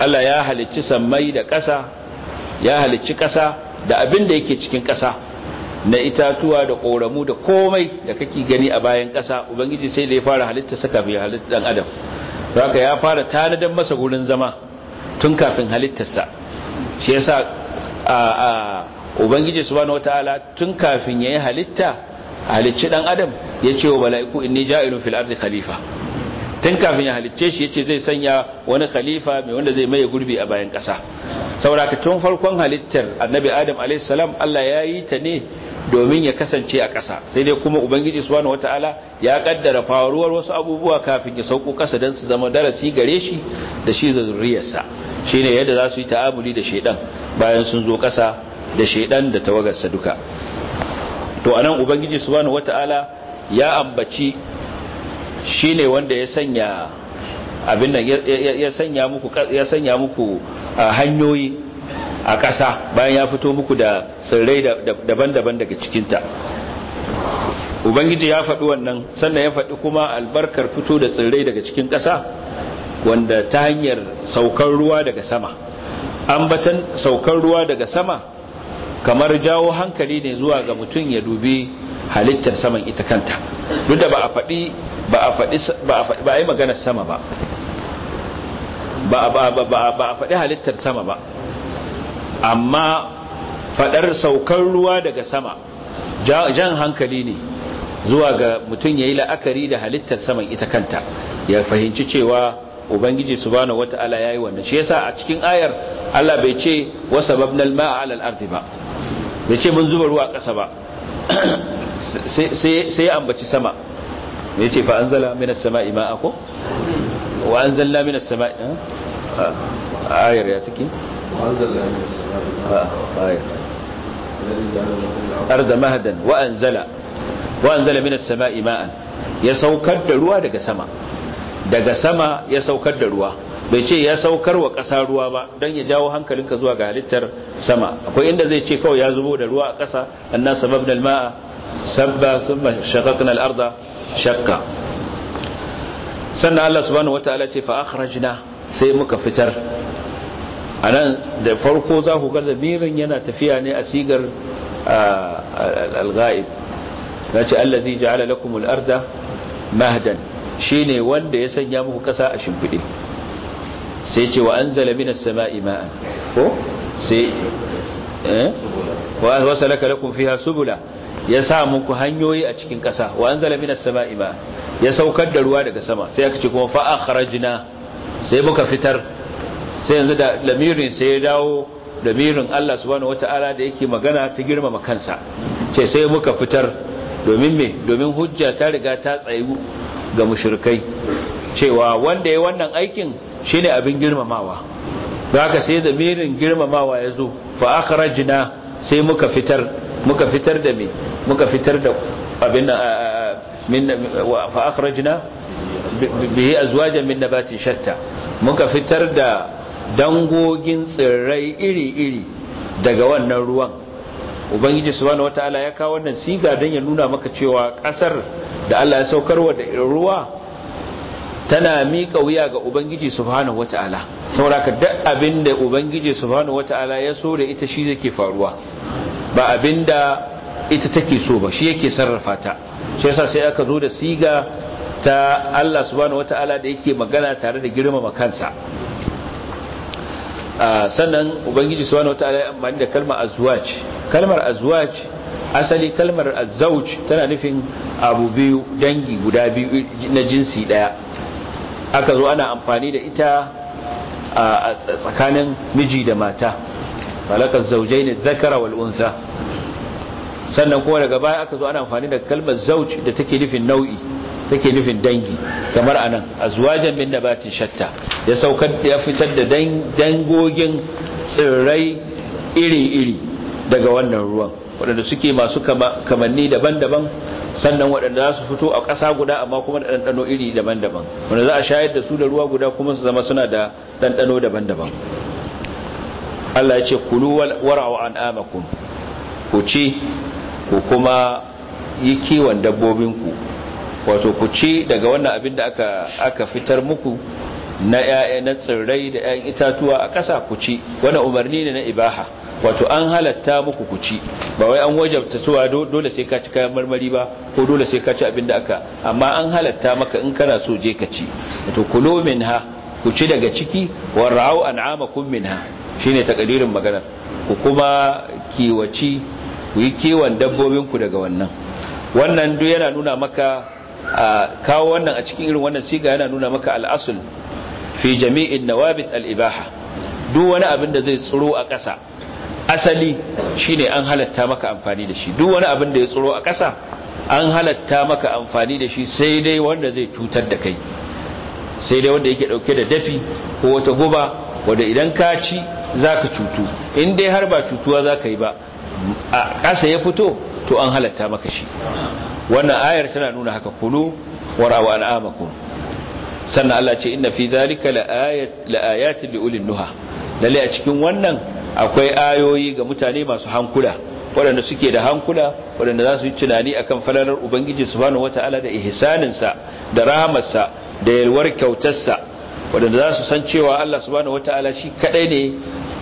A: Allah ya halicci samai da kasa ya halicci kasa da abin da yake cikin kasa na itatuwa da ƙoramu da komai da kake gani a bayan ƙasa ubangiji sai da ya fara halitta saka bai halitta dan adam haka ya fara tanadan masa wurin zama tun kafin halittarsa shi yasa a a ubangiji subhanahu wataala tun kafin yayi halitta halicci dan adam ya ce wa mala'iku inni ja'ilun fil ardi khalifa tun kafin ya halicce shi yace zai sanya wani khalifa mai wanda zai maye gurbi a bayan ƙasa saboda tun farkon halittar annabi adam alaihissalam Allah ya yi ta ne domin ya kasance a ƙasa sai dai kuma ubangiji subhanahu wataala ya kaddara faruwar wasu abubuwa kafin ya sauko ƙasa don su zama darasi gare shi da shi da zurriyarsa ne yadda za su yi ta'amuli da shaidan bayan sun zo ƙasa da shaidan da tawagarsa duka to anan ubangiji subhanahu wataala ya ambaci shi ne wanda ya sanya abin nan muku ya sanya muku hanyoyi a ƙasa bayan ya fito muku da tsirrai daban-daban daga cikinta ubangiji ya faɗi wannan sannan ya faɗi kuma albarkar fito da tsirrai daga cikin ƙasa wanda ta hanyar saukar ruwa daga sama batan saukar ruwa daga sama kamar jawo hankali ne zuwa ga mutum ya dubi halittar saman ita kanta duk da ba a faɗi ba a faɗi ba a yi maganar sama ba ba a faɗi halittar sama ba amma fadar saukar ruwa daga sama jan hankali ne zuwa ga mutum ya yi la'akari da halittar saman ita kanta ya fahimci cewa ubangiji subhanahu wata'ala ya yi wannan shi yasa a cikin ayar allah bai ce wasa babnal ma'a alal ardi ba bai ce mun zuba ruwa ƙasa ba sai ya ambaci sama Me ce fa an zala minas sama ima ako wa an zalla minas sama eh? ah, ayar ya take arda mahadan wa anzala wa anzala minas sama'i ma'an ya saukar da ruwa daga sama daga sama ya saukar da ruwa bai ce ya saukar wa ƙasa ruwa ba don ya jawo hankalinka zuwa ga halittar sama akwai inda zai ce kawai ya zubo da ruwa a ƙasa annan sababna alma'a sabba thumma shaqaqna al-arda shaqqa sannan Allah subhanahu wataala ce fa akhrajna sai muka fitar a nan da farko za ku ga damirin yana tafiya ne a sigar al-ghaib na ce allazi ja'ala lakum al-arda mahdan shine wanda ya sanya muku kasa a shimfide sai ce wa anzala minas sama'i ma'an ko sai eh wa wasalaka lakum fiha subula ya sa muku hanyoyi a cikin kasa wa anzala minas sama'i ma. ya saukar da ruwa daga sama sai aka ce kuma fa akhrajna sai muka fitar sai yanzu da lamirin sai ya dawo lamirin Allah subhanahu wata'ala da yake magana ta girmama kansa ce sai muka fitar domin me domin hujja ta riga ta tsayu ga mushrikai cewa wanda ya wannan aikin shine abin girmamawa haka sai da mirin girmamawa ya zo fa akhrajna sai muka fitar muka fitar da me muka fitar da abin min fa akhrajna bihi azwajan min nabatin shatta muka fitar da dangogin tsirrai iri-iri daga wannan ruwan ubangiji su subhanahu wataala ya kawo wannan siga don ya nuna maka cewa kasar da Allah ya saukarwa da ruwa tana miƙa wuya ga ubangiji su subhanahu wataala saboda duk abin da ubangiji wata wataala ya so da ita shi yake faruwa ba abin da ita take so ba shi yake sarrafa ta shi yasa sai aka zo da siga ta Allah su wata wataala da yake magana tare da girmama kansa sannan ubangiji subhanahu wataala ya amfani da kalmar azwaj kalmar azwaj asali kalmar azauj tana nufin abu biyu dangi guda biyu na jinsi daya aka zo ana amfani da ita a tsakanin miji da mata falakar zaujai ne zakara wal unsa sannan kuma daga baya aka zo ana amfani da kalmar zauci da take nufin nau'i take nufin dangi kamar anan azwajan min nabatin shatta ya saukar ya fitar da dangogin tsirrai iri-iri daga wannan ruwan waɗanda suke masu kamanni daban-daban sannan waɗanda za su fito a ƙasa guda amma kuma da ɗanɗano iri daban-daban wanda za a shayar da su da ruwa guda kuma su zama suna da ɗanɗano daban-daban Allah ya ce kulu wara'u an amakun ku ci ku kuma yi kiwon dabbobinku wato ku ci daga wannan abin da aka aka fitar muku na yaya na tsirrai da 'ya'yan itatuwa a ƙasa ku ci wannan umarni ne na ibaha wato an halatta muku ku ci ba wai an wajabta suwa dole sai ka ci kayan marmari ba ko dole sai ka ci abin da aka amma an halatta maka in kana so je ka ci wato kulu minha ku ci daga ciki warau an'amakum minha shine takadirin maganar ku kuma kiwaci ku yi kiwon dabbobinku daga wannan wannan duk yana nuna maka kawo wannan a cikin irin wannan siga yana nuna maka al'asul fi jami'in nawabit al'ibaha duk wani abin da zai tsiro a ƙasa asali shine an halatta maka amfani da shi duk wani abin da ya tsiro a ƙasa an halatta maka amfani da shi sai dai wanda zai cutar da kai sai dai wanda yake dauke da dafi ko wata guba wanda idan ka ci zaka cutu in dai har ba cutuwa zaka yi ba a ƙasa ya fito to an halatta maka shi wannan ayar tana nuna haka kulu warawa an'amakum sannan Allah ce inna fi dhalika laayatin liulil nuha lalle a cikin wannan akwai ayoyi ga mutane masu hankula waɗanda suke da hankula waɗanda za su yi tunani akan falalar ubangiji subhanahu wataala da ihsaninsa da sa da yalwar kyautarsa waɗanda za su san cewa Allah subhanahu wataala shi kadai ne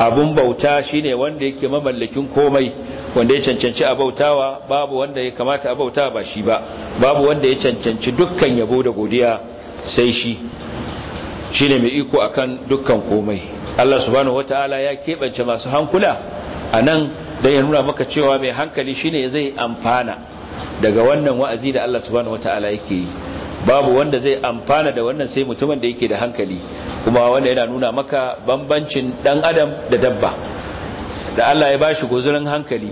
A: abun bauta shine wanda yake mamallakin komai wanda ya cancanci a bautawa babu wanda ya kamata a bautawa ba shi ba babu wanda ya cancanci dukkan yabo da godiya sai shi shi ne mai iko a kan dukkan komai Allah subhanahu wataala ya keɓance masu hankula a nan da ya nuna maka cewa mai hankali shi ne zai amfana daga wannan wa'azi da Allah subhanahu wataala yake yi babu wanda zai amfana da wannan sai mutumin da yake da hankali kuma wanda yana nuna maka bambancin dan adam da dabba da Allah ya bashi guzurin hankali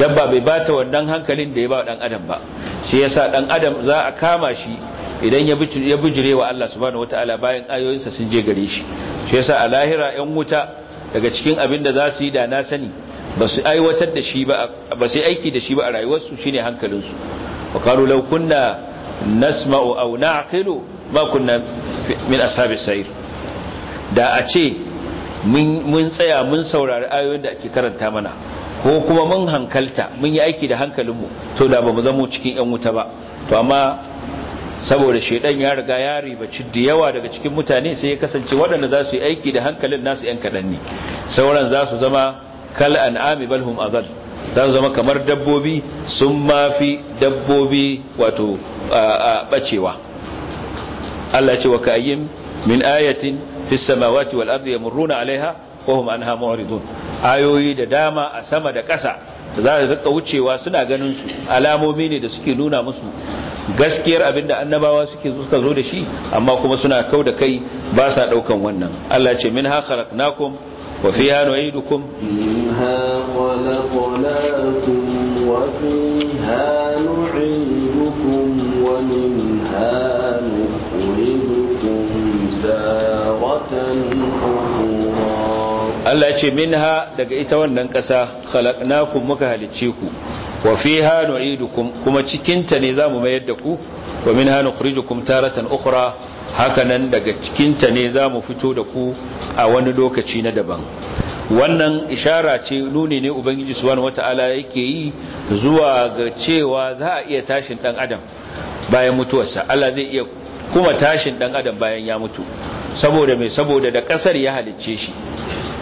A: dabba bai bata wannan hankalin da ya ba dan adam ba shi yasa dan adam za a kama shi idan ya bujure wa Allah subhanahu wataala bayan ayoyinsa sun je gare shi shi yasa a lahira yan wuta daga cikin abin da za su yi da na sani ba su aiwatar da shi ba ba su aiki da shi ba a rayuwarsu shine hankalinsu wa qalu law kunna nasma'u aw na'qilu ma kunna min ashabis sa'ir da a ce mun tsaya mun saurari ayoyin da ake karanta mana ko kuma mun hankalta mun yi aiki da hankalinmu to da ba mu zamo cikin 'yan wuta ba to amma saboda shaidan ya riga ya riba da yawa daga cikin mutane sai ya kasance waɗanda za su yi aiki da hankalin nasu 'yan kaɗan ne sauran za su zama kal an'ami bal hum azal za su zama kamar dabbobi sun mafi dabbobi wato bacewa Allah ce wa kayin min ayatin fis samawati wal ardi yamurruna alaiha wa hum anha mu'ridun ayoyi da dama a sama da ƙasa da za su rika wucewa suna ganin su alamomi ne da suke nuna musu gaskiyar abinda annabawa suke suka zo da shi amma kuma suna kau da kai ba sa daukan wannan Allah ce min ha khalaqnakum wa fiha
B: nu'idukum minha khalaqnakum wa fiha
A: Allah ce minha daga ita wannan ƙasa khalaqnakum muka halicce ku wa fiha nu'idukum kuma cikin ta ne zamu mayar da ku wa minha nukhrijukum taratan ukhra hakanan daga cikin ta ne zamu fito da ku a wani lokaci na daban wannan ishara ce nuni ne ubangiji subhanahu wataala yake yi zuwa ga cewa za a iya tashin dan adam bayan mutuwarsa Allah zai iya kuma tashin dan adam bayan ya mutu saboda mai saboda da kasar ya halicce shi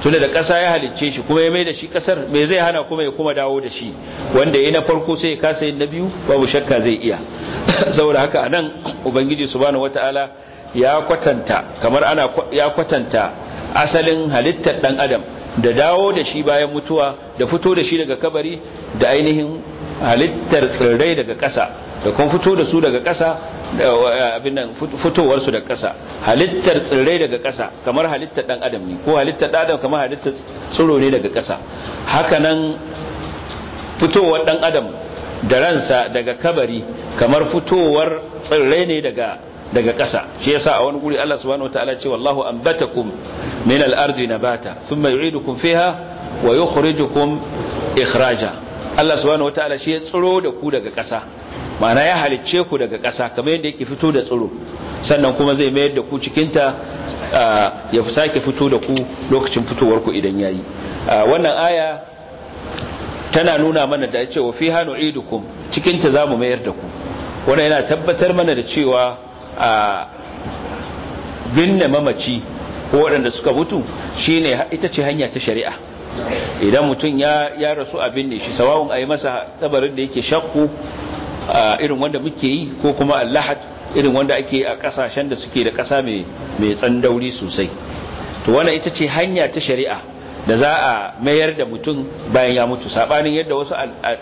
A: tunda da ƙasa ya halicce shi kuma ya mai da shi ƙasar mai zai hana kuma ya kuma dawo da shi wanda ya yi na farko sai ya kasa yin na biyu babu shakka zai iya saboda haka anan ubangiji subhanahu wataala ya kwatanta kamar ana ya kwatanta asalin halittar dan adam da dawo da shi bayan mutuwa da fito da shi daga kabari da ainihin halittar tsirrai daga ƙasa da kuma fito da su daga ƙasa Eh, abin nan fitowar su ƙasa halittar tsirrai daga ƙasa kamar halittar ɗan adam ne ko halittar ɗan adam kamar halittar tsiro ne daga ƙasa haka nan fitowar dan adam da ransa daga kabari kamar fitowar tsirrai ne daga daga ƙasa shi yasa a wani guri Allah subhanahu wataala ce wallahu anbatakum min al-ardi nabata thumma yu'idukum fiha wa yukhrijukum ikhraja Allah subhanahu wataala shi ya tsiro da ku daga ƙasa ma'ana ya halicce ku daga ƙasa kamar yadda yake fito da tsoro sannan kuma zai mayar da ku cikinta ya sake fito da ku lokacin fitowar ku idan yayi wannan aya tana nuna mana da cewa fi hannu idukum cikinta za mu mayar da ku wannan yana tabbatar mana da cewa binne mamaci ko waɗanda suka mutu shine ita ce hanya ta shari'a idan mutum ya rasu a binne shi sawawun a yi masa tabarin da yake shakku irin wanda muke yi ko kuma lahad irin wanda ake a kasashen da suke da kasa mai tsandauri sosai to wannan ita ce hanya ta shari'a da za a mayar da mutum bayan ya mutu sabanin yadda wasu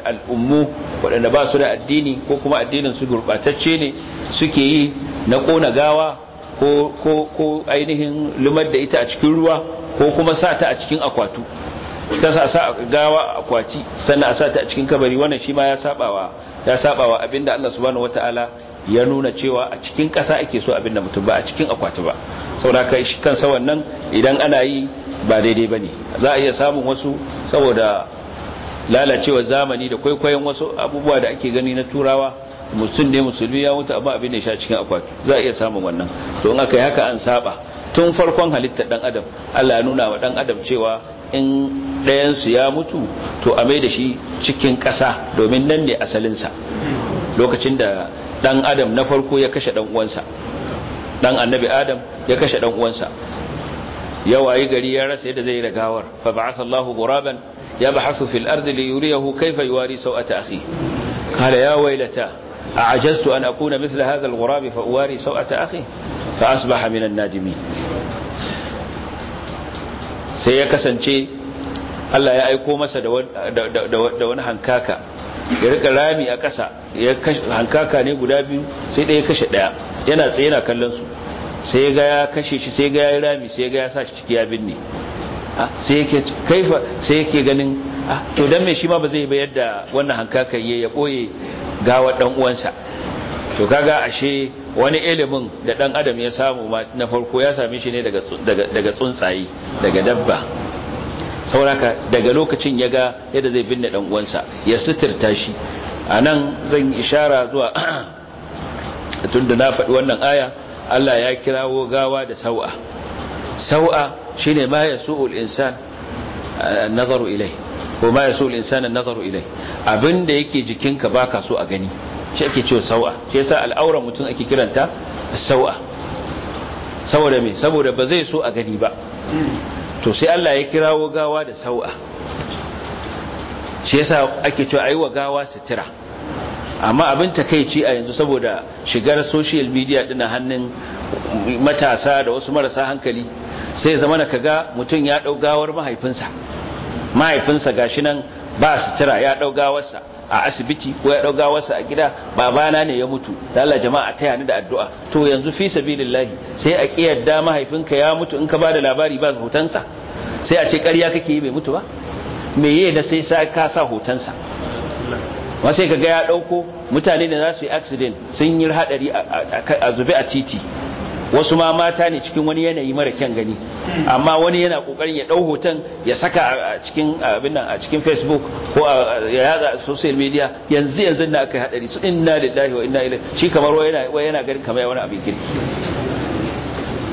A: al'ummu waɗanda ba su da addini ko kuma addinin su gurɓatacce ne suke yi na ƙona gawa ko ainihin lumar da ita a cikin ruwa ko kuma sa ta a cikin akwatu ta sa sa gawa akwati sannan a sa ta a cikin kabari wannan shi ma ya sabawa ya sabawa abinda Allah subhanahu wataala ya nuna cewa a cikin ƙasa ake so abinda mutum ba a cikin akwati ba saboda kai shi kansa wannan idan ana yi ba daidai bane za a iya samun wasu saboda lalacewar zamani da kwaikwayon wasu abubuwa da ake gani na turawa mutum ne musulmi ya mutu amma abin da ya sha cikin akwati za a iya samun wannan to in aka yi haka an saba tun farkon halitta dan adam Allah ya nuna wa dan adam cewa in ɗayansu ya mutu to a mai da shi cikin ƙasa domin nan ne asalinsa lokacin da ɗan adam na farko ya kashe ɗan uwansa ɗan annabi adam ya kashe ɗan uwansa ya wayi gari ya rasa yadda zai ragawar fa guraben" Allahu ghuraban yabhasu fil ardi li yuriyahu kayfa yuwari sawata akhi qala ya waylata a'ajaztu an akuna mithla hadha al-ghurab fa uwari sawata akhi fa asbaha min an-nadimin sai ya kasance Allah ya aiko masa da wani hankaka ya rika rami a ƙasa ya hankaka ne guda biyu sai ɗaya kashe ɗaya yana tsaye yana kallon su sai ga ya kashe shi sai ga ya yi rami sai ga ya sa shi ciki ya binne ah, sai yake ganin ah, to don mai shi ma ba zai bayar yadda wannan hankaka ya ya koye gawar ɗanuwansa uwansa to kaga ashe wani ilimin da dan adam ya samu na farko ya same shi ne daga tsuntsaye daga dabba sauraka daga lokacin ya ga yadda zai binne dan uwansa ya suturta shi a nan zan ishara zuwa tun da na faɗi wannan aya Allah ya kirawo gawa da sau'a sau'a shine ma yasu'ul insan eh, nazaru ilai ko ma insan nazaru ilai abinda yake jikinka baka so a gani shi ake cewa sau'a shi yasa al'aura mutum ake kiranta sau'a saboda me saboda ba zai so a gani ba to sai Allah ya kirawo gawa da sau'a shi yasa ake cewa ayi wa gawa sutura amma abin takeici a yanzu saboda shigar social media dina hannun matasa da wasu marasa hankali sai zama na kaga mutum ya dau gawar mahaifinsa mahaifinsa gashi nan ba sutura ya dau gawarsa a asibiti ko ya ɗauka wasu a gida babana ne ya mutu da Allah jama'a taya ni da addu'a to yanzu fi sabilillahi sai a kiyarda mahaifinka ya mutu in ka ba da labari ba hotonsa sai a ce ƙarya kake yi bai mutu ba me ye da sai ka sa hotonsa ma sai ka ga ya ɗauko mutane da za su yi accident sun yi haɗari a zube a titi wasu ma mata ne cikin wani yanayi mara kyan gani amma wani yana kokarin ya dau hoton ya saka a cikin abin nan a cikin Facebook ko ya yada social media yanzu yanzu da aka hadari su inna lillahi wa inna ilaihi shi kamar wai yana wai yana kamar wani abin kirki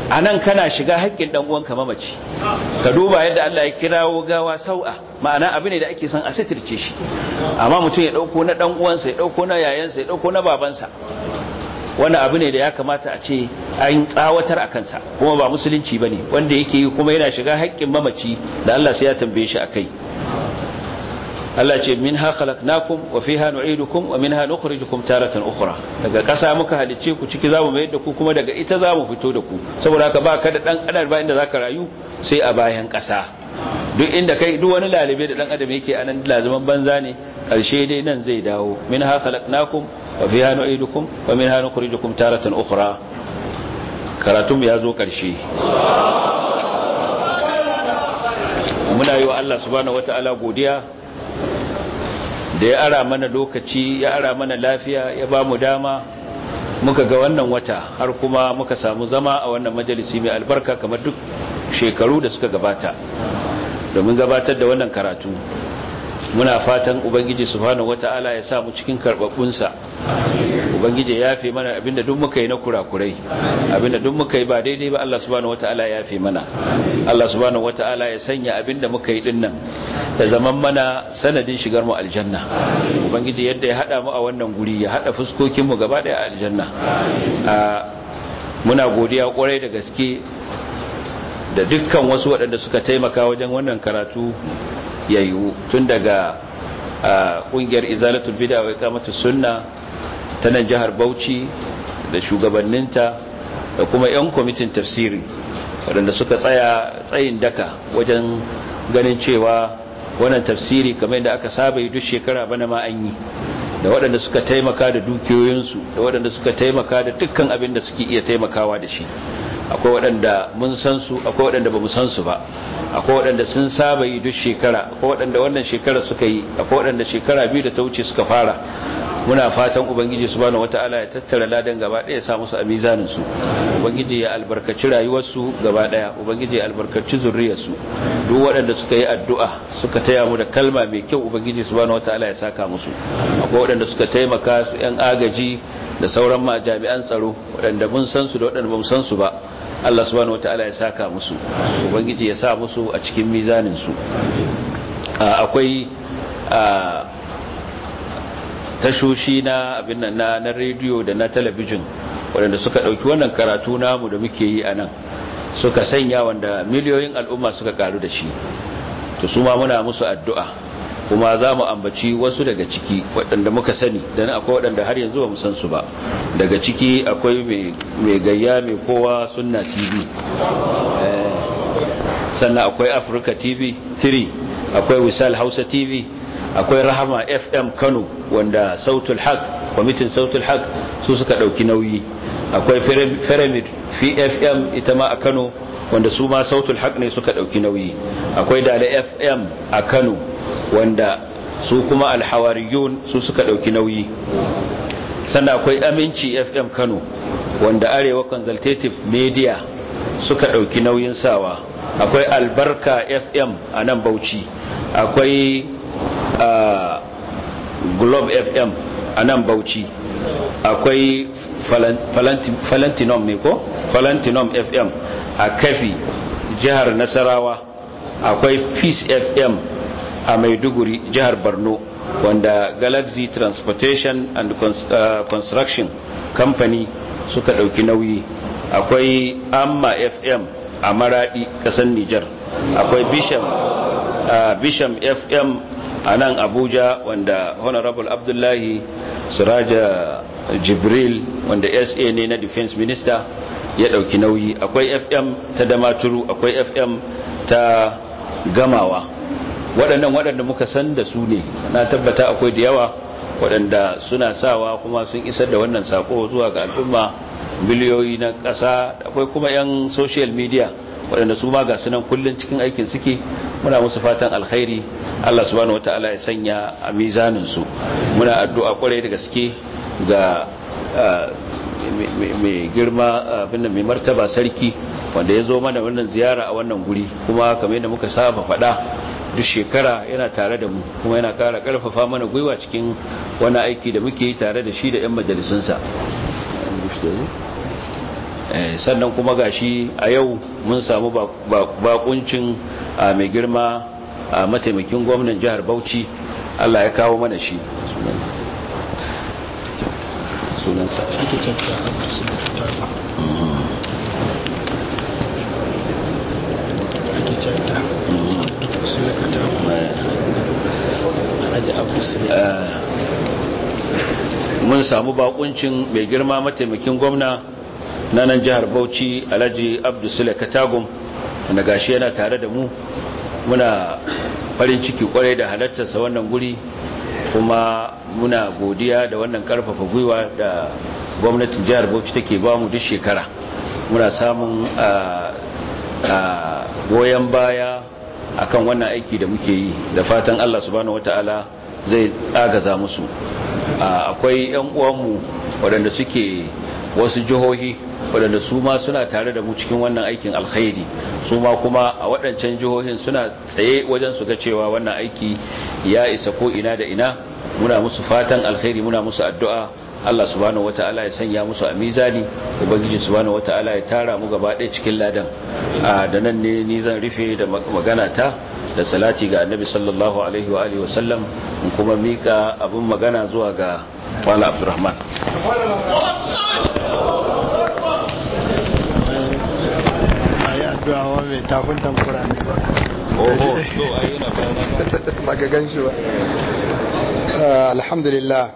A: anan kana shiga haƙƙin dan uwanka mamaci ka duba yadda Allah ya kirawo gawa sau'a ma'ana abin ne da ake son a sitirce shi amma mutum ya dauko na dan uwansa ya dauko na yayansa ya dauko na babansa wannan abu ne da ya kamata a ce an tsawatar a kansa kuma ba musulunci ba ne wanda yake yi kuma yana shiga haƙƙin mamaci da Allah sai ya tambaye shi a kai. Allah ce min minha khalaqnakum wa fiha nu'idukum wa minha nukhrijukum taratan ukhra daga ƙasa muka halice ku ciki zamu mai da ku kuma daga ita zamu fito da ku saboda haka ba ka da dan adam ba inda zaka rayu sai a bayan ƙasa duk inda kai duk wani lalibe da dan adam yake anan lazuman banza ne karshe dai nan zai dawo ha khalaqnakum wa fiha nu'idukum wa minha nukhrijukum taratan ukhra karatun ya zo karshe muna yi wa Allah subhanahu wataala godiya da ya ara mana lokaci ya ara mana lafiya ya ba mu dama muka ga wannan wata har kuma muka samu zama a wannan majalisi mai albarka kamar duk shekaru da suka gabata domin gabatar da wannan karatu muna fatan ubangiji subhanahu wataala ya sa mu cikin karbabbunsa ubangiji ya yafe mana abinda duk muka yi na kurakurai abinda duk muka yi ba daidai ba Allah subhanahu wataala ya yafe mana Allah subhanahu wataala ya sanya abinda muka yi dinnan da zaman mana sanadin shigar mu aljanna ubangiji yadda ya hada mu a wannan guri ya hada fuskokin mu gaba daya aljanna muna godiya kwarai da gaske da dukkan wasu waɗanda suka taimaka wajen wannan karatu ya yiwu tun daga kungiyar izalatu bid'a wa iqamatu sunna ta nan jihar Bauchi da shugabanninta da kuma yan kwamitin tafsiri waɗanda suka tsaya tsayin daka wajen ganin cewa wannan tafsiri kamar yadda aka saba yi duk shekara bana ma an yi da waɗanda suka taimaka da dukiyoyinsu da waɗanda suka taimaka da dukkan abin da suke iya taimakawa da shi akwai waɗanda mun san su akwai waɗanda ba mu san su ba akwai waɗanda sun saba yi duk shekara akwai waɗanda wannan shekara suka yi akwai waɗanda shekara biyu da ta wuce suka fara muna fatan ubangiji subhanahu wataala ya tattara ladan gaba ɗaya ya sa musu a su ubangiji ya albarkaci rayuwarsu gaba ɗaya ubangiji ya albarkaci su duk waɗanda suka yi addu'a suka taya mu da kalma mai kyau ubangiji subhanahu wataala ya saka musu akwai waɗanda suka taimaka su yan agaji da sauran ma jami'an tsaro waɗanda mun san su da waɗanda ba mu san su ba Allah subhanahu wataala ya saka musu ubangiji ya sa musu a cikin mizanin su akwai tashoshi na abin nan na rediyo da na talabijin waɗanda suka ɗauki wannan karatu namu da muke yi a nan suka sanya wanda miliyoyin al'umma suka karu da shi to su ma muna musu addu'a kuma za mu ambaci wasu daga ciki waɗanda muka sani dan akwai waɗanda har yanzu ba mu san su ba daga ciki akwai mai gayya mai kowa sunna tv eh, sannan akwai africa tv 3 akwai wisal hausa tv akwai rahama fm kano wanda sautul haq kwamitin sautul haq su suka ɗauki nauyi akwai pyramid fm ita ma a kano wanda su ma sautul haq ne suka ɗauki nauyi akwai dala fm a kano wanda su kuma alhawariyun su suka ɗauki nauyi sannan akwai aminci fm kano wanda arewa consultative media suka ɗauki nauyin sawa akwai albarka fm a nan bauchi akwai globe fm a nan bauchi akwai falantinom ne ko falantinom fm a kafi jihar nasarawa akwai peace fm a maiduguri jihar borno wanda galaxy transportation and uh, construction company suka ɗauki nauyi akwai amma fm a maradi ƙasar nijar akwai bisham fm uh, a nan abuja wanda honorable abdullahi suraja jibril wanda sa ne na defense minister ya ɗauki nauyi akwai fm ta damaturu akwai fm ta gamawa waɗannan waɗanda muka san da su ne na tabbata akwai da yawa waɗanda suna sawa kuma sun isar da wannan sako zuwa ga al'umma miliyoyi na ƙasa akwai kuma 'yan social media waɗanda su ma ga sunan kullum cikin aikin suke muna musu fatan alkhairi Allah subhanahu ta'ala ya sanya a mizanin su muna addu'a kwarai da gaske ga mai girma abinda mai martaba sarki wanda ya zo mana wannan ziyara a wannan guri kuma kamar yadda muka saba faɗa duk shekara yana tare da mu kuma yana kara ƙarfafa mana gwiwa cikin wani aiki da muke yi tare da shi da 'yan majalisunsa eh, sannan kuma ga shi a yau mun samu bakuncin mai girma a mataimakin gwamnan jihar bauchi allah ya kawo mana shi
B: sunansa mm-hmm. alhaji abu eh,
A: mun samu bakuncin mai girma mataimakin gwamna na nan jihar bauchi alhaji abdu sule katagum wanda gashi yana tare da mu muna farin ciki kwarai da sa wannan guri kuma muna godiya da wannan karfafa gwiwa da gwamnatin jihar bauchi take ba mu duk shekara muna samun ah, ah, goyon baya akan wannan aiki da muke yi da fatan Allah subhanahu wataala zai agaza musu akwai yan uwanmu waɗanda suke wasu jihohi waɗanda su ma suna tare da mu cikin wannan aikin alkhairi su ma kuma a waɗancan jihohin suna tsaye wajen su ga cewa wannan aiki ya isa ko ina da ina muna musu fatan alkhairi muna musu addu'a Allah subhanahu wataala ya sanya musu a mizani ubangiji subhanahu wataala ya tara mu gaba ɗaya cikin ladan da nan ne ni zan rufe da magana ta da salati ga annabi sallallahu alaihi wa alihi wasallam in kuma mika abin magana
C: zuwa ga wala abdurrahman alhamdulillah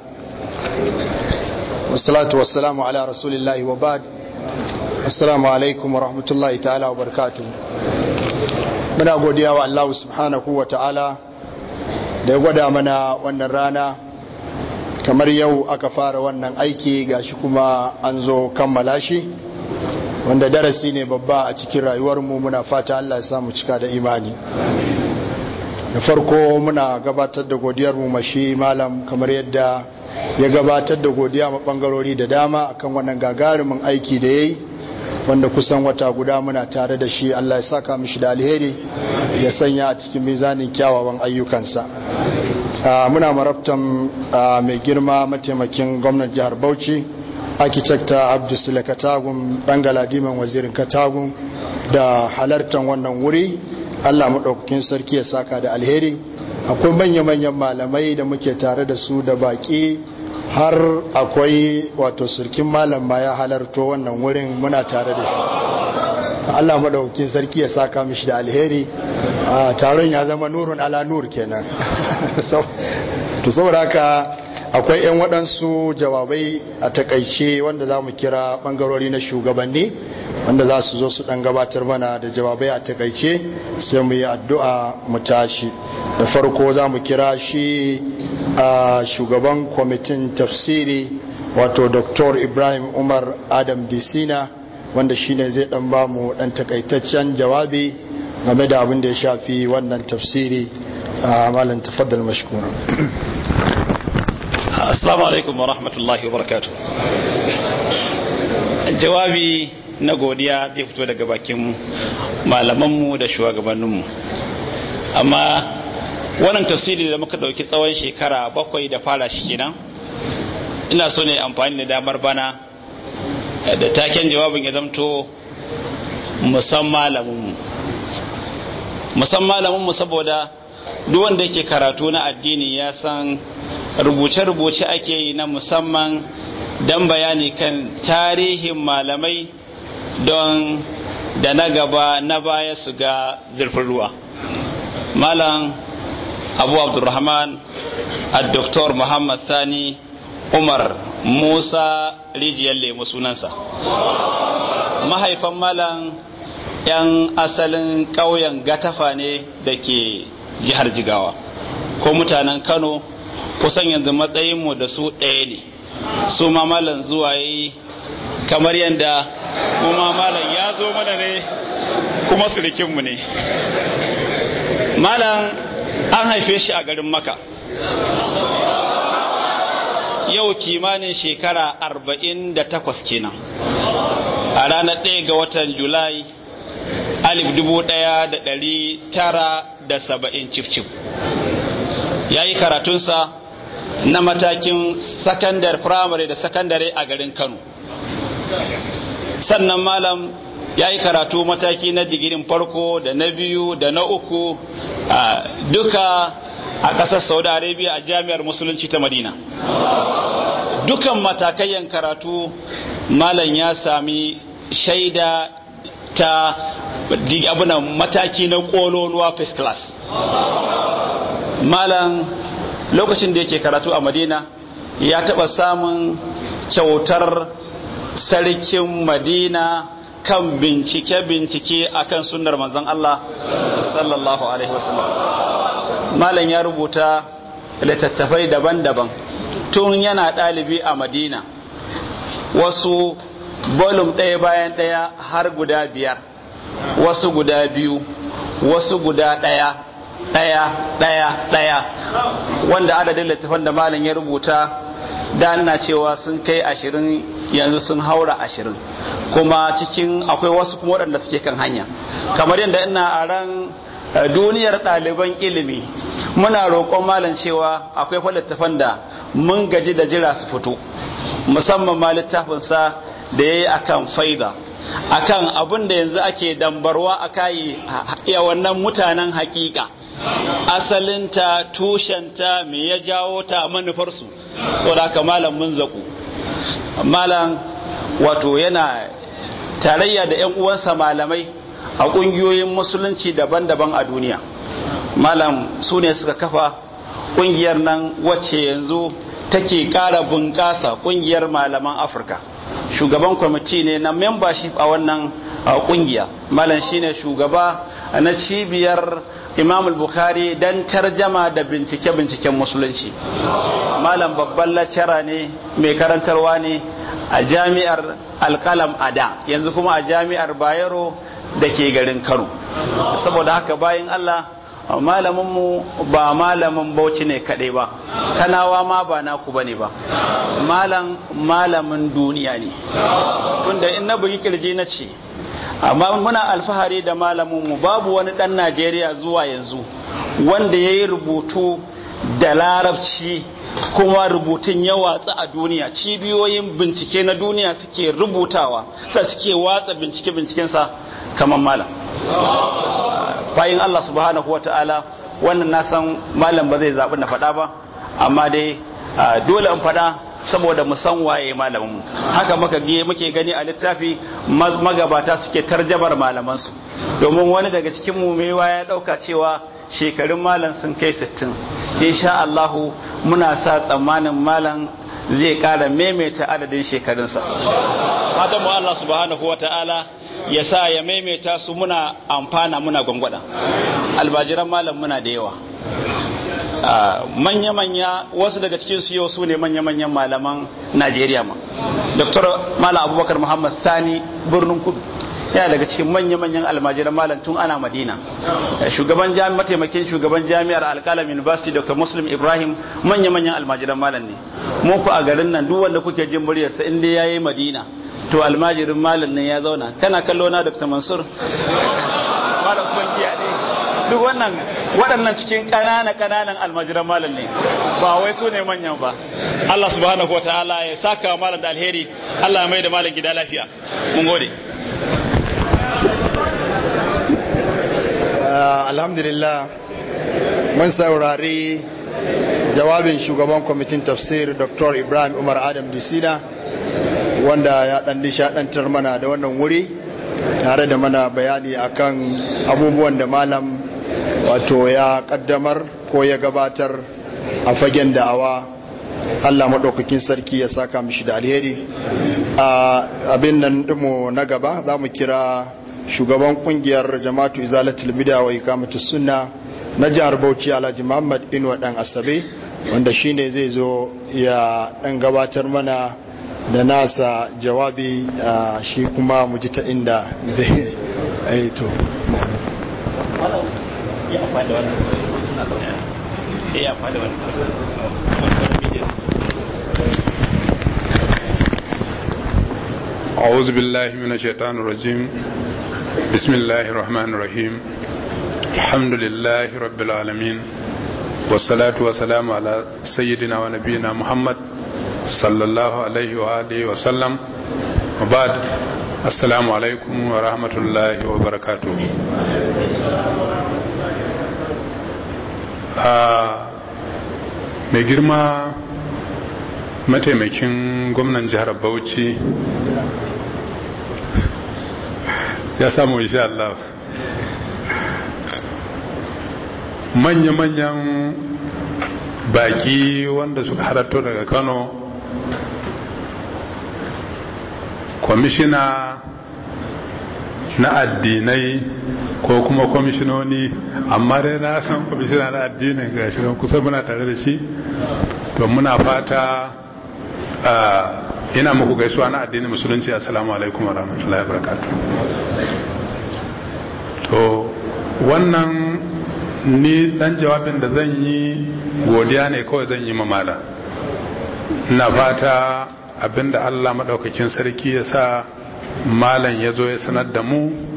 C: wasalatu wasalamu ala rasulillahi wa ba'd assalamu alaikum wa rahmatullahi ta'ala wa barakatuh muna godiya wa Allah subhanahu wa ta'ala da ya gwada mana wannan rana kamar yau aka fara wannan aiki ga shi kuma an zo kammala shi wanda darasi ne babba a cikin rayuwar mu muna fata Allah ya samu cika da imani da farko muna gabatar da godiyarmu mashi malam kamar yadda ya gabatar da godiya ma bangarori da dama akan wannan gagarumin aiki da yayi wanda kusan wata guda muna tare da shi Allah ya saka mishi da alheri ya sanya a cikin mizanin kyawawan ayyukansa muna marabtan mai girma mataimakin gwamnan jihar Bauchi arkitekta Abdulsule Katagun dan galadiman wazirin Katagun da halartan wannan wuri Allah maɗaukakin sarki ya saka da alheri akwai manya-manyan malamai da muke tare da su da baki har akwai wato surkin malam ya halarto wannan wurin muna tare da shi Allah madaukakin sarki ya saka mishi da alheri ah, taron ya zama nurun ala nur kenan to saboda haka akwai 'yan waɗansu jawabai a takaice wanda za mu kira ɓangarori na shugabanni wanda za su zo su ɗan gabatar mana da jawabai a takaice sai mu yi addu'a mu tashi da farko za mu kira shi a shugaban kwamitin tafsiri wato dr ibrahim umar adam disina wanda shine zai ɗan ba mu ɗan takaitaccen jawabi game da abin da ya shafi wannan tafsiri a malin tafaddal mashkuna.
D: assalamu alaikum wa rahmatullahi wa barakatu jawabi na godiya zai fito daga bakin malamanmu da shugabanninmu amma wannan tafsiri da muka dauki tsawon shekara bakwai da fara shi kenan ina so ne amfani da damar bana da taken jawabin ya zamto musamman malaminmu musamman malaminmu saboda duk wanda yake karatu na addini ya san rubuce-rubuce ake yi na musamman don bayani kan tarihin malamai don da na gaba na baya su ga zurfin ruwa malam abu abdurrahman a muhammad sani umar musa rijiyar lemu sunansa mahaifan malam 'yan asalin ƙauyen gatafa ne da ke jihar jigawa ko mutanen kano kusan yanzu matsayinmu da su ɗaya ne su ma malam zuwa yi kamar yadda kuma malam ya zo mana ne kuma surikinmu ne malam an haife shi a garin maka yau kimanin shekara arba'in da takwas kenan a ranar ɗaya ga watan julai alif dubu ɗaya da ɗari tara da saba'in cif ya yi karatunsa na matakin sakandare firamare da sakandare a garin kano sannan malam ya yi karatu mataki na digirin farko da na biyu da na uku duka a ƙasar saudi arabia a jami'ar musulunci ta madina dukan matakayyan karatu malam ya sami shaida ta abunan mataki na ƙololuwa first class malam lokacin da yake karatu a madina ya taɓa samun kyautar sarkin madina kan bincike-bincike a kan sunar manzan Allah sallallahu Alaihi wasallam malam ya rubuta littattafai daban-daban tun yana ɗalibi a madina wasu bolum ɗaya bayan ɗaya har guda biyar wasu guda biyu wasu guda ɗaya ɗaya ɗaya ɗaya wanda adadin littafan da malam ya rubuta da ina cewa sun kai ashirin yanzu sun haura ashirin kuma cikin akwai wasu kuma waɗanda suke kan hanya kamar yadda ina a ran eh, duniyar ɗaliban ilimi muna roƙon malam cewa akwai fa littafan da mun gaji da jira su fito musamman ma littafinsa da ya yi akan faida akan abin yanzu ake dambarwa a kayi mutanen hakika asalinta tushenta me ya jawo ta manufarsu to da haka malam mun zaku malam wato yana tarayya da 'yan uwansa malamai a ƙungiyoyin musulunci daban-daban a duniya malam su ne suka kafa ƙungiyar nan wacce yanzu take ƙara bunƙasa ƙungiyar malaman afirka shugaban kwamiti ne na membership a wannan ƙungiya malam shine shugaba na cibiyar imam bukhari dan tarjama da bincike-binciken musulunci malam babban lacara ne mai karantarwa ne a jami'ar alkalam ada yanzu kuma a jami'ar bayero da ke garin kano saboda haka bayan allah malaminmu ba malamin bauchi ne kaɗai ba kanawa ma ba naku bane ba malam malamin duniya ne tunda in na bugi kirji na ce amma muna alfahari da malaminmu babu wani ɗan najeriya zuwa yanzu wanda ya yi rubutu da larabci kuma rubutun ya watsa a duniya cibiyoyin bincike na duniya suke rubutawa sa suke watsa bincike-bincikensa kamar malam bayan allah subhanahu wa ta'ala wannan na san malam ba zai zaɓi na faɗa ba amma dai ah, dole in faɗa saboda mu san waye malamin haka muka ge muke gani a littafi magabata suke tarjabar malaman su domin wani daga cikin mu mai ya dauka cewa shekarun malam sun kai 60 insha Allah muna sa tsammanin malam zai kara maimaita adadin shekarunsa fatan mu Allah subhanahu wataala ya sa ya maimaita su muna amfana muna gwangwada albajiran malam muna da yawa manya-manya wasu daga cikin su yau su ne manya-manyan malaman najeriya ma dr malam abubakar muhammad sani birnin kudu yana daga cikin manya-manyan almajiran malam tun ana madina shugaban jami'ar mataimakin shugaban jami'ar alkalam university dr muslim ibrahim manya-manyan almajiran malam ne muku a garin nan duk wanda kuke jin muryarsa in dai yayi madina to almajirin malam ne ya zauna kana kallo na dr mansur malam ne duk wannan waɗannan cikin ƙanana ƙananan almajiran malam ne ba wai su ne manyan ba Allah subhanahu wa ta'ala ya saka malam da alheri Allah mai da malam gida lafiya
C: mun gode ah, alhamdulillah mun saurari jawabin shugaban kwamitin tafsir dr ibrahim umar adam disina wanda ya ɗan nishaɗantar mana da wannan wuri tare da mana bayani akan abubuwan da malam wato ya kaddamar ko ya gabatar a fagen da'awa Allah maɗaukakin sarki ya saka mishi da alheri a abin nan ɗinmu na gaba za mu kira shugaban kungiyar jama'atu izalatul bida wa ikamatus sunna na jihar Bauchi Alhaji Muhammad Inuwa dan Asabe wanda shine zai zo ya dan gabatar mana da nasa jawabi shi kuma mu ji ta inda zai aito
E: eh ya
D: amfani da wannan wasu suna ɗauka sai ya amfani da wannan kuma sauran bidiyon
F: أعوذ بالله من الشيطان الرجيم بسم الله الرحمن الرحيم الحمد لله رب العالمين والصلاة والسلام على سيدنا ونبينا محمد صلى الله عليه وآله وسلم وبعد السلام عليكم ورحمة الله وبركاته A mai girma mataimakin gwamnan jihar bauchi ya samu insha Allah manya-manyan baki wanda suka halatto daga kano kwamishina na addinai ko kuma kwamishinoni amma dai na san kwamishina na addinin gashi don kusan muna tare da shi to muna fata ina muku gaisuwa na addinin musulunci assalamu alaikum wa rahmatullahi wa to wannan ni dan jawabin da zan yi godiya ne kawai zan yi mamala na fata abinda allah maɗaukakin sarki ya sa malam ya zo ya sanar da mu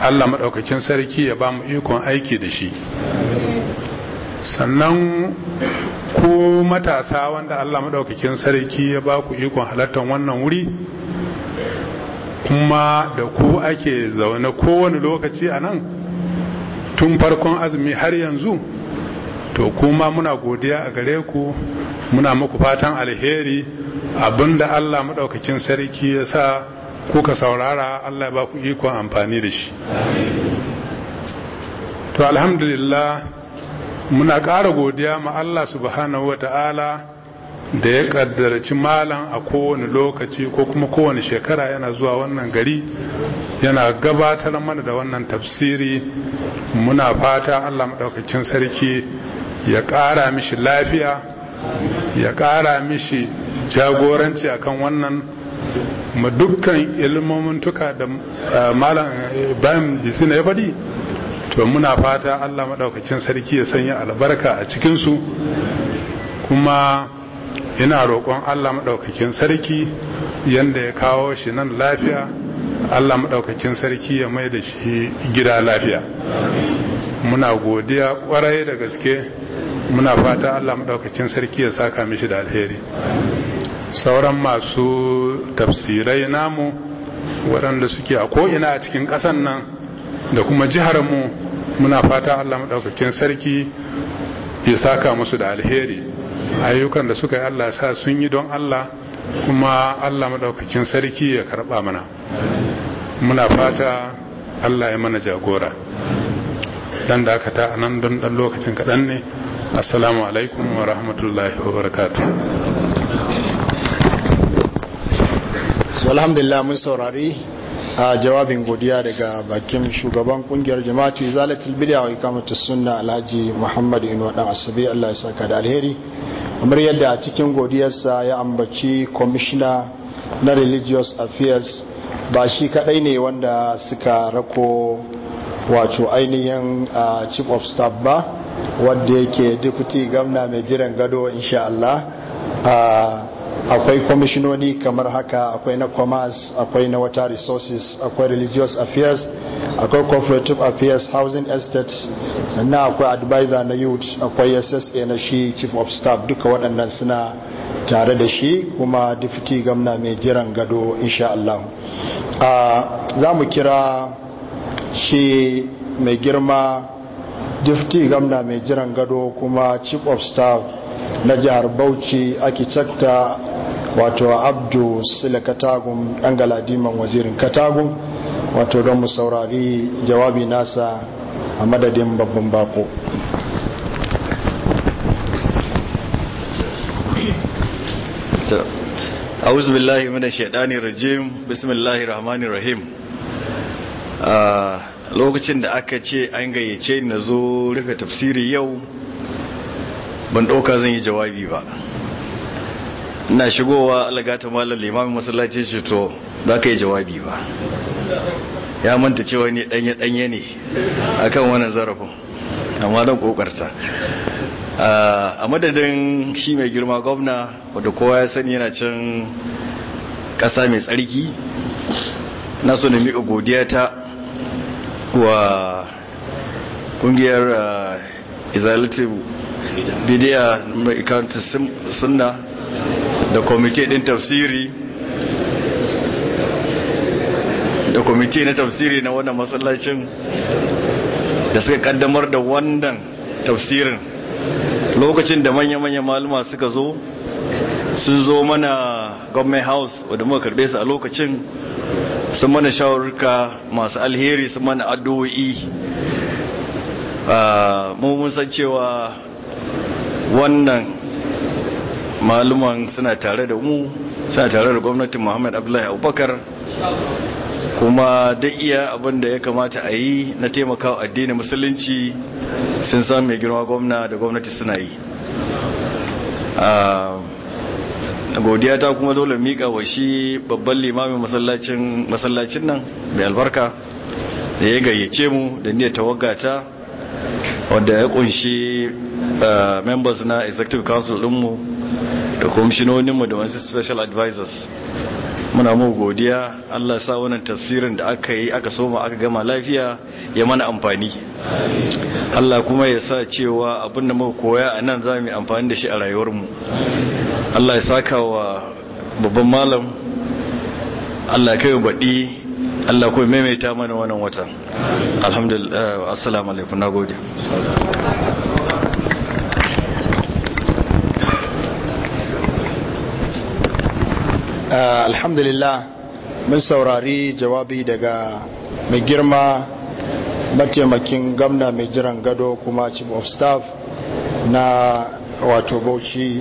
F: Allah maɗaukakin sarki ya ba mu ikon aiki da shi sannan ko matasa wanda Allah maɗaukakin sarki ya ba ku ikon halartar wannan wuri kuma da ku ake zaune kowane lokaci a nan tun farkon azumi har yanzu to kuma muna godiya a gare ku muna muku fatan alheri abinda Allah maɗaukakin sarki ya sa kuka saurara Allah ba ku ikon amfani da shi to alhamdulillah muna ƙara godiya ma Allah subhanahu wata'ala da ya ƙaddarci malam a kowane lokaci ko kuma kowane shekara yana zuwa wannan gari yana gabatar mana da wannan tafsiri muna fata Allah maɗaukakin sarki ya ƙara mishi lafiya ya ƙara mishi jagoranci akan wannan ma dukkan ilmomin da eh, malam bayan jisina ya faɗi to muna fata Allah maɗaukacin sarki ya sanya albarka a cikinsu kuma ina roƙon Allah maɗaukacin sarki yadda ya kawo shi nan lafiya Allah maɗaukacin sarki ya mai da shi gida lafiya muna godiya ƙwarai da gaske muna fata Allah maɗaukacin sarki ya saka mishi da alheri sauran masu tafsirai namu waɗanda suke a ko'ina a cikin ƙasan nan da kuma jiharmu muna fata allah maɗaukakin sarki ya saka musu da alheri ayyukan da suka yi allah sa sun yi don allah kuma allah maɗaukakin sarki ya karɓa mana muna fata allah ya mana jagora dan da aka ta nan don ɗan lokacin kaɗan ne assalamu alaikum wa rahmatullahi wa barakatuh
C: to mun saurari a jawabin godiya daga bakin shugaban kungiyar jama'atu izalatul bid'a wa ikamatu sunna alhaji muhammad inuwa dan asabi Allah ya saka da alheri kamar yadda a cikin godiyarsa ya ambaci commissioner na religious affairs ba shi kadai ne wanda suka rako wato ainihin chief of staff ba wadda yake deputy gwamna mai jiran gado insha Allah akwai kwamishinoni kamar haka akwai na commerce akwai na water resources akwai religious affairs akwai cooperative affairs housing estate sannan akwai advisor na youth akwai ssa na shi chief of staff duka waɗannan suna tare da shi kuma deputy gamna mai jiran gado insha Allah za mu kira shi mai girma deputy gamna mai jiran gado kuma chief of staff na jihar bauchi ake cakta wato abdu sila katagun ɗan galadiman wazirin katagun wato don mu saurari jawabi nasa a madadin babban bako
E: أعوذ billahi من الشيطان rajim بسم الله rahim ah, lokacin da aka ce an gayyace ni na zo rufe tafsiri yau ban ɗauka zan yi jawabi ba ina shigowa alagata malar limamin masallacin shi to za ka yi jawabi ba ya manta cewa ne ɗanye-ɗanye ne akan wannan zarafin amma don ƙoƙarta ah, a madadin shi mai girma gwamna wadda kowa ya sani yana can ƙasa mai tsarki na so na miƙa godiya ta wa ƙungiyar ah, izalative bidiya mai ikanta sunna da kwamiti din tafsiri da kwamiti na tafsiri na wannan matsalacin da suka kaddamar da wannan tafsirin lokacin da manya-manya maluma suka zo sun zo mana government house wadda muka karbe su a lokacin sun mana shawarka masu alheri sun mana addu'o'i ah, mummun san cewa wannan maluman suna tare da mu suna tare da gwamnatin muhammad abdullahi abubakar kuma da iya abin da ya kamata a yi na taimakawa addinin musulunci sun samu mai girma gwamna da gwamnati suna yi ah, godiya ta kuma dole mika wa shi babban limamin masallacin nan mai albarka da ya gayyace mu da niyyar tawagata wadda ya kunshi eh, members na executive council dinmu da kwamishinoninmu da wasu special advisors muna mu godiya Allah sa wannan tafsirin da aka yi aka soma aka gama lafiya ya mana amfani Allah kuma ya sa cewa abun da muka koya a nan za mu amfani da shi a rayuwarmu Allah ya saka wa babban malam Allah kai baɗi Allah kuma maimaita mana wannan wata alhamdulillah assalamu alaikum nagode
C: ah, alhamdulillah mun saurari jawabi daga mai girma mataimakin gamna mai jiran gado kuma chief of staff na wato bauchi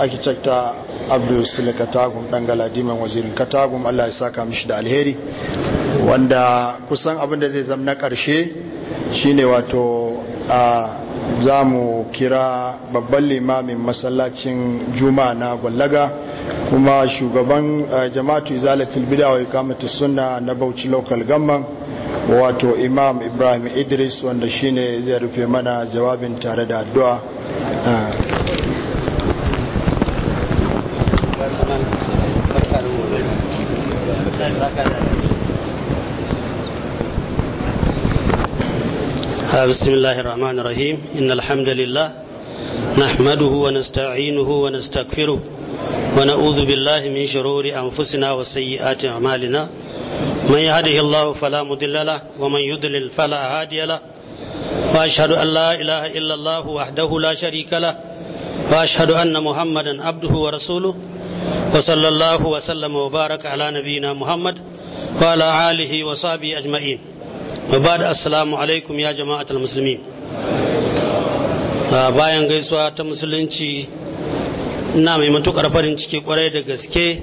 C: architecta abdul sule katagum dan galadiman wazirin katagum allah ya saka mishi da alheri wanda kusan abin da zai zama na karshe shine wato a za mu kira babban limamin masallacin juma na gwallaga kuma shugaban jama'atu izalatul bida wa ikamatu sunna na bauchi local gamman wato imam ibrahim idris wanda shine zai rufe mana jawabin tare da addu'a
G: بسم الله الرحمن الرحيم إن الحمد لله نحمده ونستعينه ونستغفره ونعوذ بالله من شرور أنفسنا وسيئات أعمالنا من يهده الله فلا مضل له ومن يضلل فلا هادي له وأشهد أن لا إله إلا الله وحده لا شريك له وأشهد أن محمدا عبده ورسوله وصلى الله وسلم وبارك على نبينا محمد وعلى آله وصحبه أجمعين ba da assalamu alaikum ya jama'atul musulmi ah, bayan gaisuwa ta musulunci na mai matukar farin ciki kwarai da gaske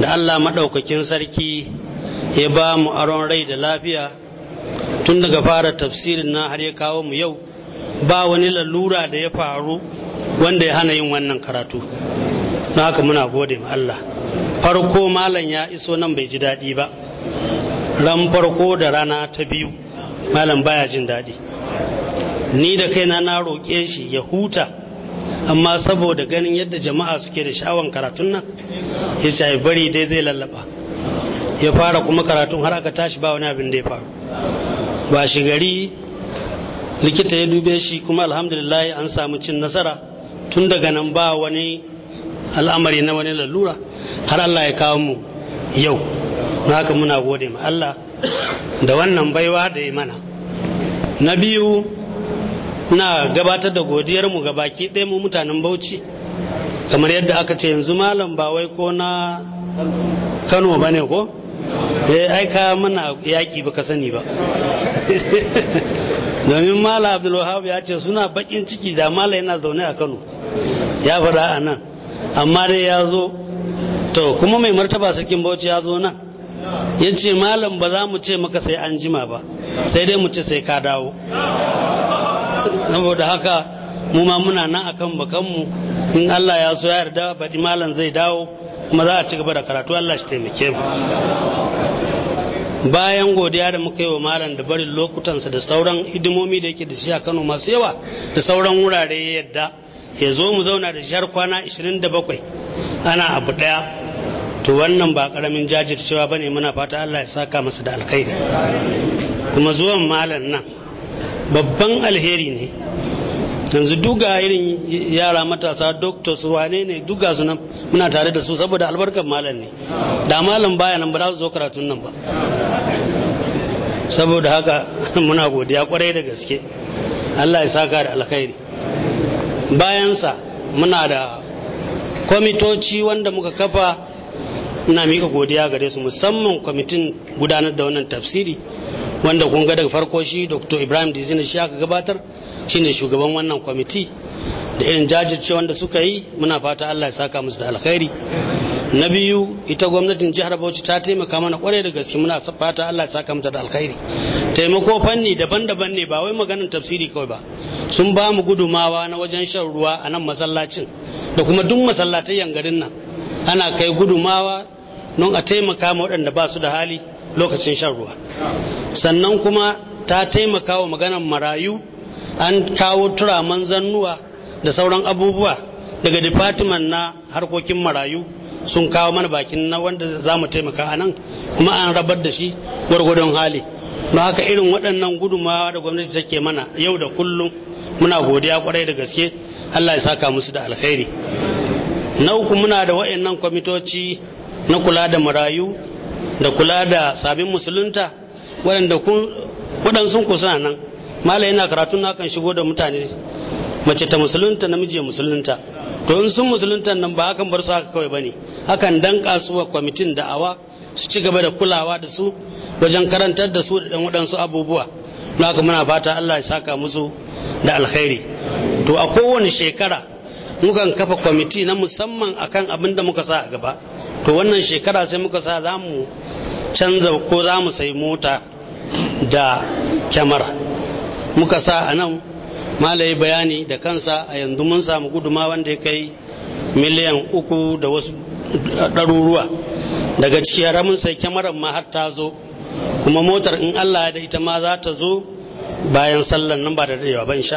G: da allah maɗaukakin sarki ya ba mu aron rai da lafiya tun daga fara tafsirin na har ya kawo mu yau ba wani lalura da ya faru wanda ya hana yin wannan karatu na haka muna gode ma allah farko malam ya iso nan bai ji daɗi ba ran farko da rana ta biyu malam baya jin daɗi ni da kaina na roƙe shi ya huta amma saboda ganin yadda jama'a suke da sha'awan karatun nan ya shayi bari dai zai lallaba ya fara kuma karatun har aka tashi ba wani abin da ya faru ba shi gari likita ya dube shi kuma alhamdulillah an samu cin nasara tun daga nan ba wani al'amari na wani lalura har Allah ya kawo mu yau haka muna gode ma Allah da wannan baiwa da ya mana na biyu na gabatar da godiyarmu ga baki ɗaya mu mutanen bauchi kamar yadda aka ce yanzu malam ba wai ko na kano ba ne ko ya eh, aika mana yaƙi ka sani ba domin mala abdulwahab ya ce suna bakin ciki da mala yana zaune a kano ya faɗa a nan amma dai ya zo to kuma mai martaba sarkin bauchi ya zo nan ya ce malam ba za mu ce maka sai an jima ba sai dai mu ce sai ka dawo saboda haka mu ma muna nan akan bakanmu in Allah ya so ya yarda baɗi malam zai dawo kuma za a ci gaba da karatu Allah shi taimake mu bayan godiya da muka yi wa malam da barin lokutansa da sauran hidimomi da yake da shi a Kano masu yawa da sauran wurare ya yadda ya zo mu zauna da shi har kwana 27 ana abu daya to wannan ba karamin jajircewa bane muna fata Allah ya saka masa da alkhairi kuma zuwan malam nan babban alheri ne yanzu duga irin yara matasa doctors wane ne duga su nan muna tare da su saboda albarkar malam ne da malam baya nan ba za su zo karatun nan ba saboda haka muna godiya kwarai da gaske Allah ya saka da alkhairi bayansa muna da kwamitoci wanda muka kafa ina mika godiya gare su musamman kwamitin gudanar da wannan tafsiri wanda kun ga daga farko shi dr ibrahim dizina shi aka gabatar shine shugaban wannan kwamiti da irin jajirce wanda suka yi muna fata allah ya saka musu da alkhairi na biyu ita gwamnatin jihar bauchi ta taimaka mana kwarai da gaske muna fata allah ya saka mata da alkhairi taimako fanni daban-daban ne ba wai maganin tafsiri kawai ba sun ba mu gudumawa na wajen shan ruwa a nan masallacin da kuma duk masallatai garin nan ana kai gudumawa don a taimaka waɗanda ba su da hali lokacin shan ruwa sannan kuma ta taimaka wa maganar marayu an kawo turaman zannuwa da sauran abubuwa daga department na harkokin marayu sun kawo mana bakin na wanda za mu taimaka a nan kuma an rabar da shi gwargwadon hali ba haka irin waɗannan gudumawa da gwamnati take mana yau da kullum muna godiya kwarai da gaske allah ya saka musu da alkhairi na uku muna da wa'annan kwamitoci na kula da marayu da kula da sabin musulunta waɗansu ku suna nan mala yana karatu na kan shigo da mutane mace ta musulunta namiji musulunta to in sun musulunta nan ba hakan bar su haka kawai bane hakan dan su wa kwamitin da'awa su ci gaba da kulawa da su wajen karantar da su da waɗansu abubuwa na haka muna fata Allah ya saka musu da alkhairi to a kowane shekara mukan kafa kwamiti na musamman akan abin da muka sa a gaba to wannan shekara sai muka sa za mu canza ko za mu sai mota da kyamara muka sa a nan malayi bayani da kansa a yanzu mun samu guduma wanda ya kai miliyan uku da wasu ɗaruruwa daga ciki yara mun sai kyamarar ma har ta zo kuma motar in allah da ita ma za ta zo bayan sallan nan ba da daɗewa ba insha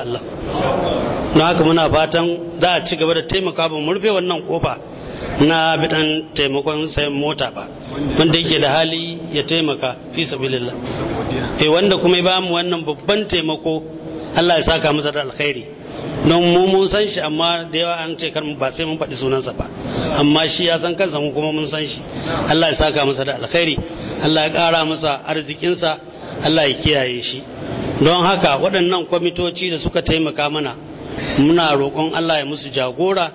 G: na haka muna fatan za a ci gaba da taimaka ba mu rufe wannan kofa na bidan taimakon sayan mota ba wanda yake da hali ya taimaka fi sabilillah eh wanda kuma ya ba mu wannan babban taimako Allah ya saka masa da alkhairi don mu mun san shi amma da yawa an ce karmu ba sai mun faɗi sunansa ba amma shi ya san kansa mu kuma mun san shi Allah ya saka masa da alkhairi Allah ya ƙara masa arzikinsa Allah ya kiyaye shi don haka waɗannan kwamitoci da suka taimaka mana muna roƙon Allah ya musu jagora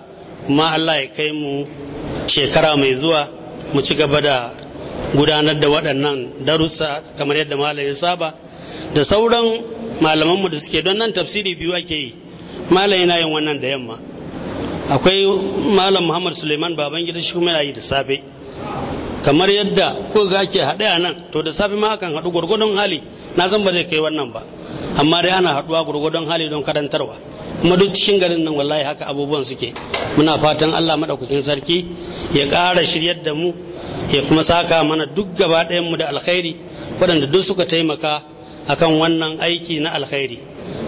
G: kuma Allah ya kai mu shekara mai zuwa mu ci gaba da gudanar da waɗannan darussa kamar yadda malam ya saba da sauran malamanmu da suke don nan tafsiri biyu ake yi malam yana yin wannan da yamma akwai malam muhammad suleiman babangida shi kuma yana yi da safe kamar yadda ko ga ke haɗe a nan to da safe ma akan haɗu gwargwadon hali na san ba zai kai wannan ba amma dai ana haɗuwa gwargwadon hali don karantarwa kuma duk cikin garin nan wallahi haka abubuwan suke muna fatan Allah madaukakin sarki ya ƙara shiryar da mu ya kuma saka mana duk gaba ɗayan mu da alkhairi waɗanda duk suka taimaka akan wannan aiki na alkhairi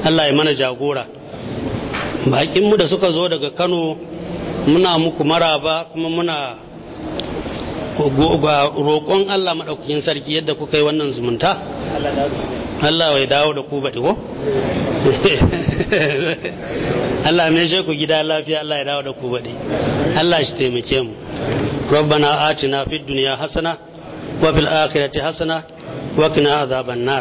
G: Allah ya mana jagora baƙin mu da suka zo daga Kano muna muku maraba kuma muna roƙon Allah maɗaukakin sarki yadda kuka yi wannan zumunta Allah ya dawo da ku baɗi ko Allah mai ku gida lafiya Allah ya dawo da ku baɗi Allah shi taimake mu ربنا duniya hasana wa fil وفي hasana wa وقنا azaban النار